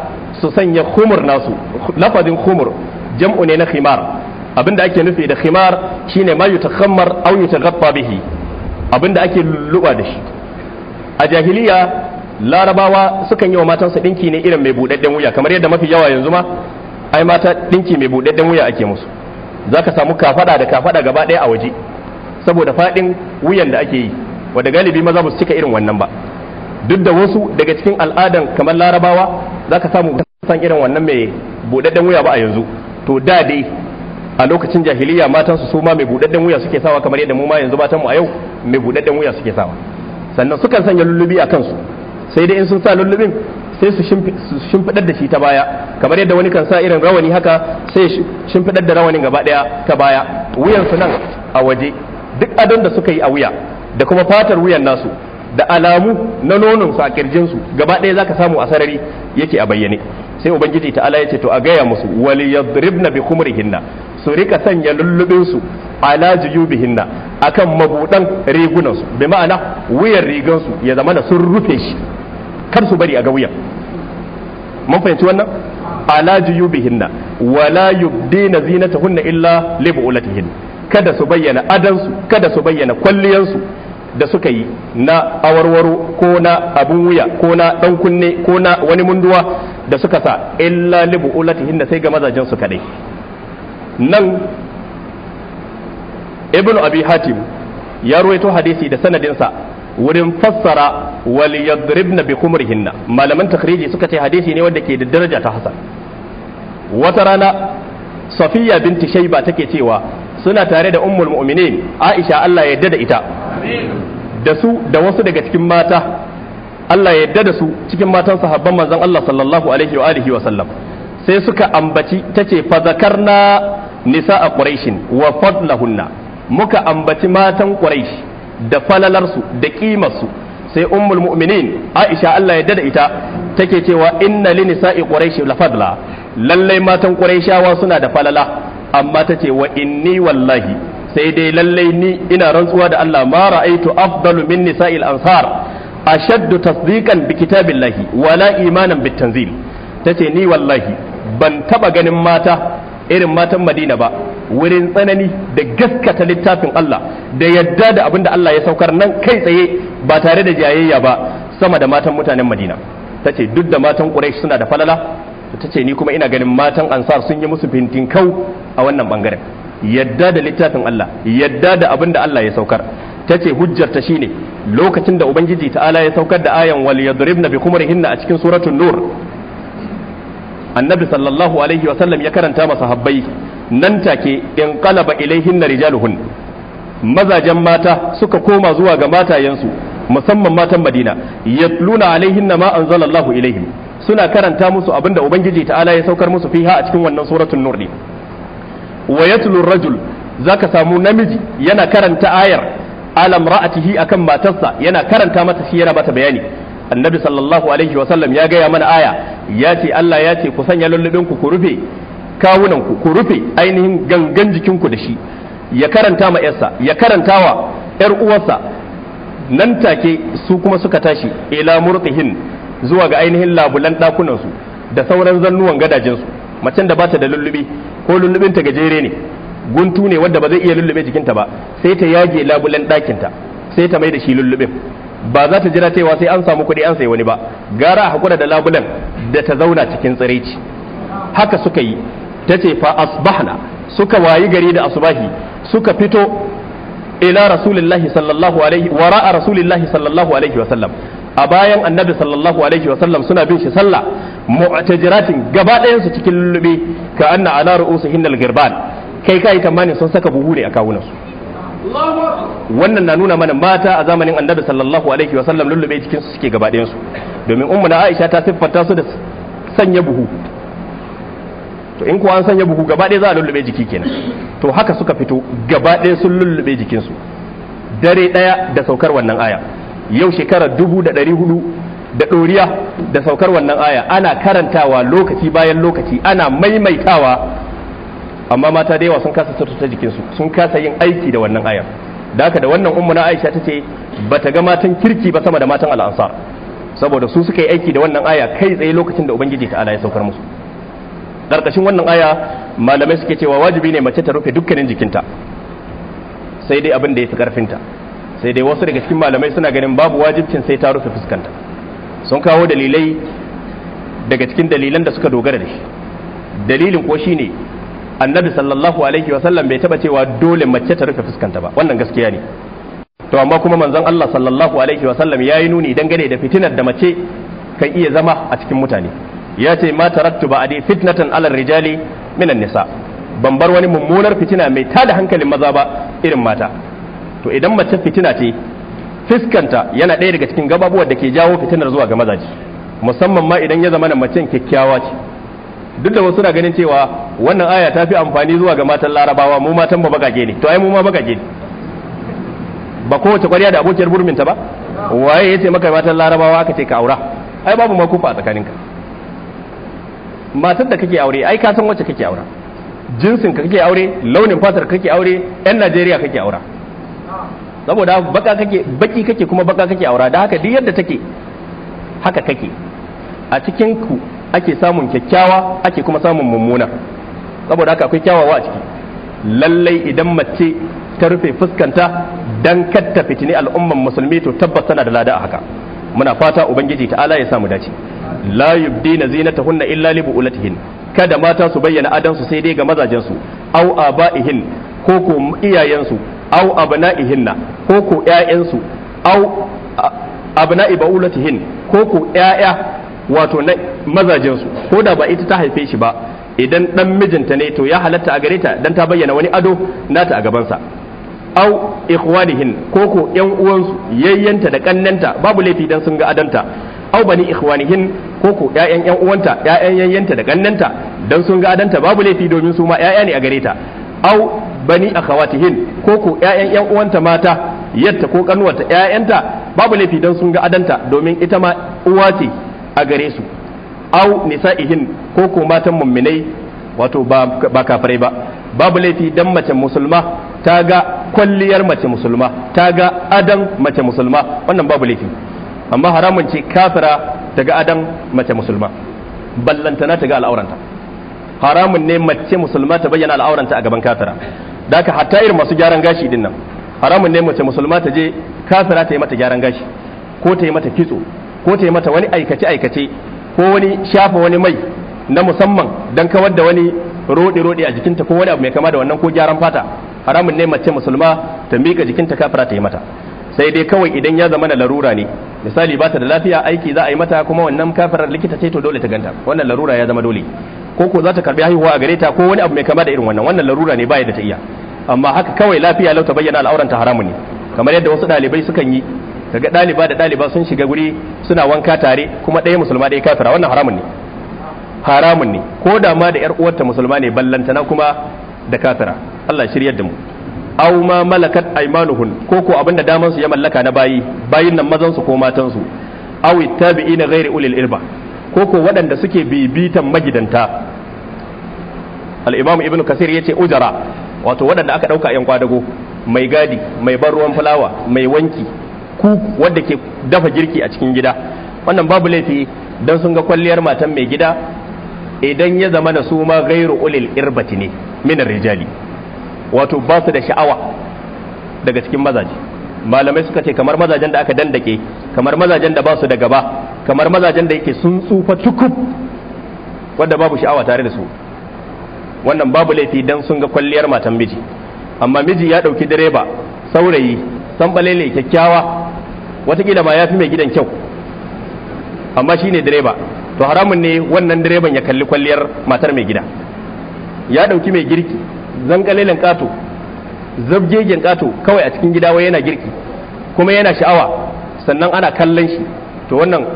su sanya khumur nasu lafazin khumur jam'u ne na khimar abinda ake nufi da khimar shine ma yutakhammar aw yutaghabba bihi abinda ake lulluba da shi a jahiliya larabawa sukan yi wa matansa dinki ne irin mai budadden wuya kamar yadda mafi yawa yanzu ma ai mata dinki mai budadden wuya ake musu zaka samu kafada da kafada gaba ɗaya a waje saboda fadin wuyan da ake yi wanda galibi maza ba su cika irin wannan ba duk da wasu daga cikin al'adan kamar larabawa za ka samu san irin wannan mai buɗaɗɗen wuya ba a yanzu to da dai a lokacin jahiliya matan su ma mai buɗaɗɗen wuya suke sawa kamar yadda mu ma yanzu matan mu a yau mai buɗaɗɗen wuya suke sawa sannan sukan sanya lullubi a kansu sai dai in sun sa lullubin sai su shimfiɗar da shi ta baya kamar yadda wani kan sa irin rawani haka sai shimfiɗar da rawanin gaba ɗaya ta baya wuyansu nan a waje duk adon da suka yi a wuya da kuma fatar wuyan nasu da alamu na nonon su a kirjin gaba ɗaya zaka samu a sarari yake a bayyane sai ubangiji ta'ala ya ce to a gaya musu wal yadribna bi khumrihinna su rika sanya lullubin su ala jiyubihinna akan mabudan rigunan su bi ma'ana wuyan rigan su ya zama na sun rufe shi kar su bari a ga wuyan mun fahimci wannan ala jiyubihinna wala yubdina zinatahunna illa li kada su bayyana adansu kada su bayyana kwalliyansu da suka yi na awarwaro ko na abun wuya ko na dan kunne ko na wani munduwa da suka sa illa libu ulatihin da sai ga mazajen su kadai nan ibnu abi hatim ya ruwaito hadisi da sanadinsa wurin fassara wal yadribna bi khumrihinna malaman takhriji suka ce hadisi ne wanda ke da daraja ta hasan wata rana safiya binti shayba take cewa suna tare da ummul mu'minin aisha Allah ya yarda da ita da su da wasu daga cikin mata Allah ya yarda da su cikin matan sahabban manzon Allah sallallahu alaihi wa alihi wa sallam sai suka ambaci tace fa zakarna nisa'a quraish wa fadlahunna muka ambaci matan quraish da falalarsu da kimarsu sai ummul mu'minin Aisha Allah ya yarda da ita take cewa inna li nisa'i quraish la fadla lallai matan quraishawa suna da falala amma tace wa inni wallahi sai dai lallai ni ina rantsuwa da Allah ma ra'aitu afdalu min nisa'il ansar ashaddu tasdiqan bi kitabillahi wala imanan bit tanzil tace ni wallahi ban taba ganin mata irin matan Madina ba wurin tsanani da gaskata littafin Allah da yadda da abin da Allah ya saukar nan kai tsaye ba tare da jayayya ba sama da matan mutanen Madina tace duk da matan Quraysh suna da falala tace ni kuma ina ganin matan Ansar sun yi musu fintinkau a wannan bangaren yadda da littafin Allah yadda da abin da Allah ya saukar ta ce hujjarta shine lokacin da ubangiji ta'ala ya saukar da ayan wal yadribna bi khumurihinna a cikin suratul nur annabi sallallahu alaihi wasallam ya karanta masa habbai nan take in qalaba ilaihinna rijaluhun mazajen mata suka koma zuwa ga matayensu musamman matan madina yatluna alaihinna ma anzalallahu ilaihim suna karanta musu abinda ubangiji ta'ala ya saukar musu fiha a cikin wannan suratul nur ne wa yatlu rajul zaka samu namiji yana karanta ayar alam ra'atihi akan matarsa yana karanta mata shi yana bata bayani annabi sallallahu alaihi wasallam ya gaya mana aya ya ce Allah ya ce ku sanya lullubin ku ku rufe kawunan ku ku rufe ainihin gangan jikin ku da shi ya karanta ma yarsa ya karanta wa yar uwarsa nan take su kuma suka tashi ila murqihin zuwa ga ainihin labulan dakunan su da sauran zannuwan gadajensu. macen da ba ta da lullubi ko lullubin ta gajere ne guntu ne wadda ba zai iya lullube jikinta ba sai ta yage labulen ɗakinta sai ta mai da shi lullubin ba za ta jira cewa sai an samu kuɗi an sai wani ba gara a hakura da labulen da ta zauna cikin tsiraici haka suka yi ta ce fa asbahna suka wayi gari da asbahi suka fito ila rasulillahi sallallahu alaihi wa ra'a rasulillahi sallallahu alaihi wa sallam a bayan annabi sallallahu alaihi wa sallam suna bin shi sallah mu'tajiratin gaba ɗayan su cikin lullube ka anna ala ru'usihin hinnal girban kai kai tamanin sun saka buhu ne a kawunan su wannan na nuna mana mata a zamanin annabi sallallahu alaihi wa sallam lullube cikin su suke gaba ɗayan su domin ummu na Aisha ta siffanta su da sanya buhu to in kuwa an sanya buhu gaba ɗaya za a lullube jiki kenan to haka suka fito gaba ɗaya sun lullube jikinsu dare ɗaya da saukar wannan aya yau shekarar dubu da ɗari hudu da ɗoriya da saukar wannan aya ana karantawa lokaci bayan lokaci ana maimaitawa amma mata da yawa sun kasa ta jikinsu sun kasa yin aiki da wannan aya da haka da wannan ummu aisha ta ce ba ta ga matan kirki ba sama da matan al'ansar saboda su suka yi aiki da wannan aya kai tsaye lokacin da ubangiji ta'ala ya saukar musu Ƙarƙashin wannan aya malamai suke cewa wajibi ne mace ta rufe dukkanin jikinta sai dai abin da ya fi ƙarfinta sai dai wasu daga cikin malamai suna ganin babu wajibcin sai ta rufe fuskanta sun kawo dalilai daga cikin dalilan da suka dogara da shi dalilin ko shi ne annabi sallallahu alaihi wasallam bai taba cewa dole mace ta rufe fuskanta ba wannan gaskiya ne to amma kuma manzon Allah sallallahu alaihi wasallam ya yi nuni dangane da fitinar da mace kan iya zama a cikin mutane ya ce ma tarattu ba adi fitnatan alal rijali minan nisa ban bar wani mummunar fitina mai tada hankalin maza ba irin mata to idan mace fitina ce fiskanta yana ɗaya daga cikin gababuwar da ke jawo fitinar zuwa ga mazaji musamman ma idan ya zama macen kyakkyawa ce duk da wasu na ganin cewa wannan aya ta fi amfani zuwa ga matan larabawa mu matan ba bagage ne to ai mu ma bagage ne ba kowace kwarya da abokiyar burminta ba waye ya ce maka matan larabawa aka ce ka aura ai babu makufa a tsakaninka matar da kake aure ai ka san wacce kake aura jinsin ka kake aure launin fatar kake aure yan najeriya kake aura saboda baka kake baki kake kuma baka kake aura da haka duk yadda take haka kake a cikin ku ake samun kyakkyawa ake kuma samun mummuna saboda haka akwai kyawawa a ciki lallai idan mace ta rufe fuskanta dan katta fitini al'umman musulmi to tabbas tana da lada a haka muna fata ubangiji ta'ala ya sa samu dace la yubdina zinatahunna illa li bu'ulatihin kada mata su bayyana adansu sai dai ga mazajensu aw aba'ihin ko ko iyayensu aw abna'ihinna ko ko ƴaƴansu aw abna'i ba'ulatihin ko ko ƴaƴa wato na mazajensu ko da ba ita ta haife shi ba idan dan mijinta ne to ya halatta a gare ta dan ta bayyana wani ado nata a gabansa aw ikhwanihin ko ko ƴan uwansu yayyanta da kannanta babu laifi dan sun ga adanta aw bani ikhwanihin ko ko ƴaƴan ƴan uwanta ƴaƴan yayyanta da kannanta dan sun ga adanta babu laifi domin su ma ƴaƴa ne a gare ta aw bani a ko ko ƴaƴan ƴan uwanta mata yadda ko kanuwata yayanta babu laifi don sun ga adanta domin ita ma uwa ce a gare su au nisa'ihin ko ko matan mumminai wato ba kafirai ba babu laifi don mace musulma ta ga kwalliyar mace musulma ta ga adan mace musulma wannan babu laifi amma haramun ce kafira ta ga adan mace musulma ballantana ta ga al'auranta haramun ne mace musulma ta bayyana al'auranta a gaban kafira da ka hatta irin masu gyaran gashi din nan haramun ne mace musulma ta je kafira ta yi mata gyaran gashi ko ta yi mata kitso ko ta yi mata wani aikace aikace ko wani shafa wani mai na musamman dan kawar da wani rodi rodi a jikinta ko wani abu mai kama da wannan ko gyaran fata haramun ne mace musulma ta mika jikinta kafira ta yi mata sai dai kawai idan ya zama na larura ne misali ba ta da lafiya aiki za a yi mata kuma wannan kafirar likita ce to dole ta ganta wannan larura ya zama dole ko ko za ta karbi haihuwa a gare ta ko wani abu mai kama da irin wannan wannan larura ne baya da ta iya amma haka kawai lafiya lau ta bayyana al'auran ta haramu ne kamar yadda wasu ɗalibai sukan yi kaga ɗaliba da ɗaliba sun shiga guri suna wanka tare kuma ɗaya musulma ɗaya kafira wannan haramun ne haramun ne ko da ma da yar uwarta musulma ne ballantana kuma da kafira Allah shiryar da mu aw ma malakat aymanuhun ko ko abinda daman su ya mallaka na bayi bayin nan mazan su ko matan su aw tabi'ina ghairi ulil irba ko ko waɗanda suke bibitan magidanta al imamu ibnu kasir yace ujara wato waɗanda aka ɗauka yan kwadago mai gadi mai ban ruwan fulawa mai wanki ku wanda ke dafa girki a cikin gida wannan babu laifi dan sun ga kwalliyar matan mai gida idan ya zama na su ma gairu ulil irbati ne min rijali wato ba su da sha'awa daga cikin mazaje malamai suka ce kamar mazajen da aka dandake kamar mazajen da ba su da gaba kamar mazajen da yake sun tsufa tukub wadda babu sha'awa tare da su wannan babu laifi dan sun ga kwalliyar matan miji amma miji ya ɗauki direba saurayi sanbalele kyakkyawa watakila ma ya fi mai gidan kyau amma shine ne direba to haramun ne wannan direban ya kalli kwalliyar matar mai gida ya ɗauki mai girki zangalelen ƙato zabgegen ƙato kawai a cikin gida wai yana girki kuma yana sha'awa sannan ana kallon shi to wannan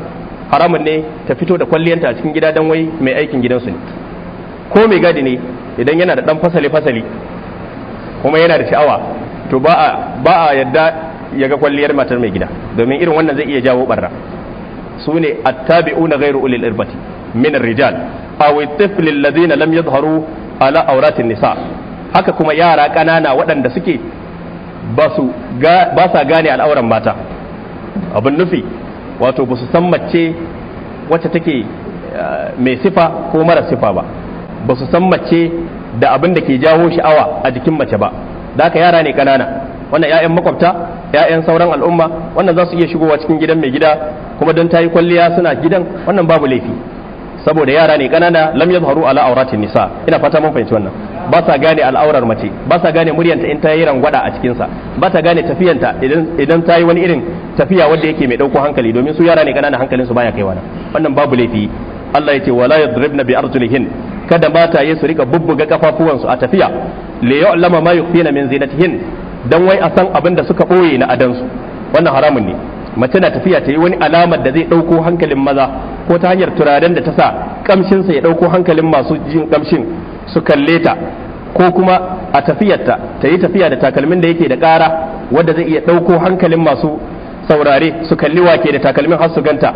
haramun ne ta fito da kwalliyanta a cikin gida dan wai mai aikin gidansu ne ko mai gadi ne idan yana da dan fasali fasali kuma yana da sha'awa to ba a yadda ya ga kwalliyar matar mai gida domin irin wannan zai iya jawo barra su ne attabi'una ghairu ulil irbati min ar-rijal aw at-tifl alladhina lam yadhharu ala awratin nisa haka kuma yara kanana waɗanda suke ba su ba sa gane al'auran mata abin nufi wato ba su san mace wacce take eh, mai sifa ko mara sifa ba ba su san mace da abin da ke jawo sha'awa a jikin mace ba da haka yara ne ƙanana wannan 'ya'yan makwabta 'ya'yan sauran al'umma wannan za su iya shigowa cikin gidan mai gida kuma don ta yi kwalliya suna gidan wannan babu laifi saboda yara ne kanana lam yazharu ala auratin nisa ina fata mun fahimci wannan ba sa gane al'aurar mace ba sa gane muryanta in ta yi rangwada a cikinsa ba ta gane tafiyanta idan ta yi wani irin tafiya wanda yake mai ɗauko hankali domin su yara ne ƙananan hankalinsu baya kaiwa na wannan babu laifi Allah ya ce wala yadribna bi arjulihin kada mata su rika bubbuga su a tafiya li ya'lama ma yukhfina min zinatihin dan wai a san abin da suka boye na adansu wannan haramun ne mace na tafiya ta yi wani alamar da zai ɗauko hankalin maza ko ta hanyar turaren da ta sa kamshinsa ya ɗauko hankalin masu jin kamshin su kalle ta ko kuma a tafiyarta ta yi tafiya da takalmin da yake da ƙara wanda zai iya ɗauko hankalin masu saurare su kalli wake da takalmin har su ganta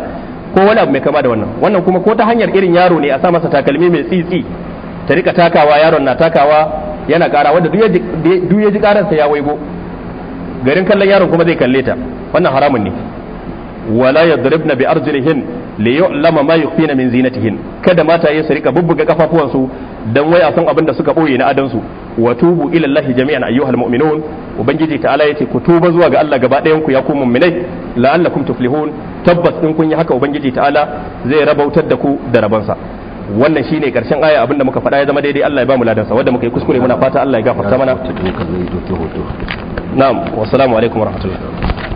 ko wani abu mai kama da wannan wannan kuma ko ta hanyar irin yaro ne a sa masa takalmi mai tsitsi ta rika takawa yaron na takawa yana ƙara wanda duk ya ji ƙararsa ya waigo garin kallon yaron kuma zai kalle ta wannan haramun ne wala yadribna bi arjlihin li yu'lama ma yukhfina min zinatihin kada mata mataye su rika bubbuga kafafuwan su dan waya san abin da suka boye na adan su wa tubu ila allahi jami'an ayyuhal mu'minun ubangiji ta'ala yace ku tuba zuwa ga Allah gaba ɗayan ku ya ku mu'minai la'allakum tuflihun tabbas in kun yi haka ubangiji ta'ala zai rabautar da ku da rabansa wannan shine karshen aya abinda muka faɗa ya zama daidai Allah ya ba mu ladansa wanda muka yi kuskure muna fata Allah ya gafarta mana na'am wassalamu alaikum warahmatullahi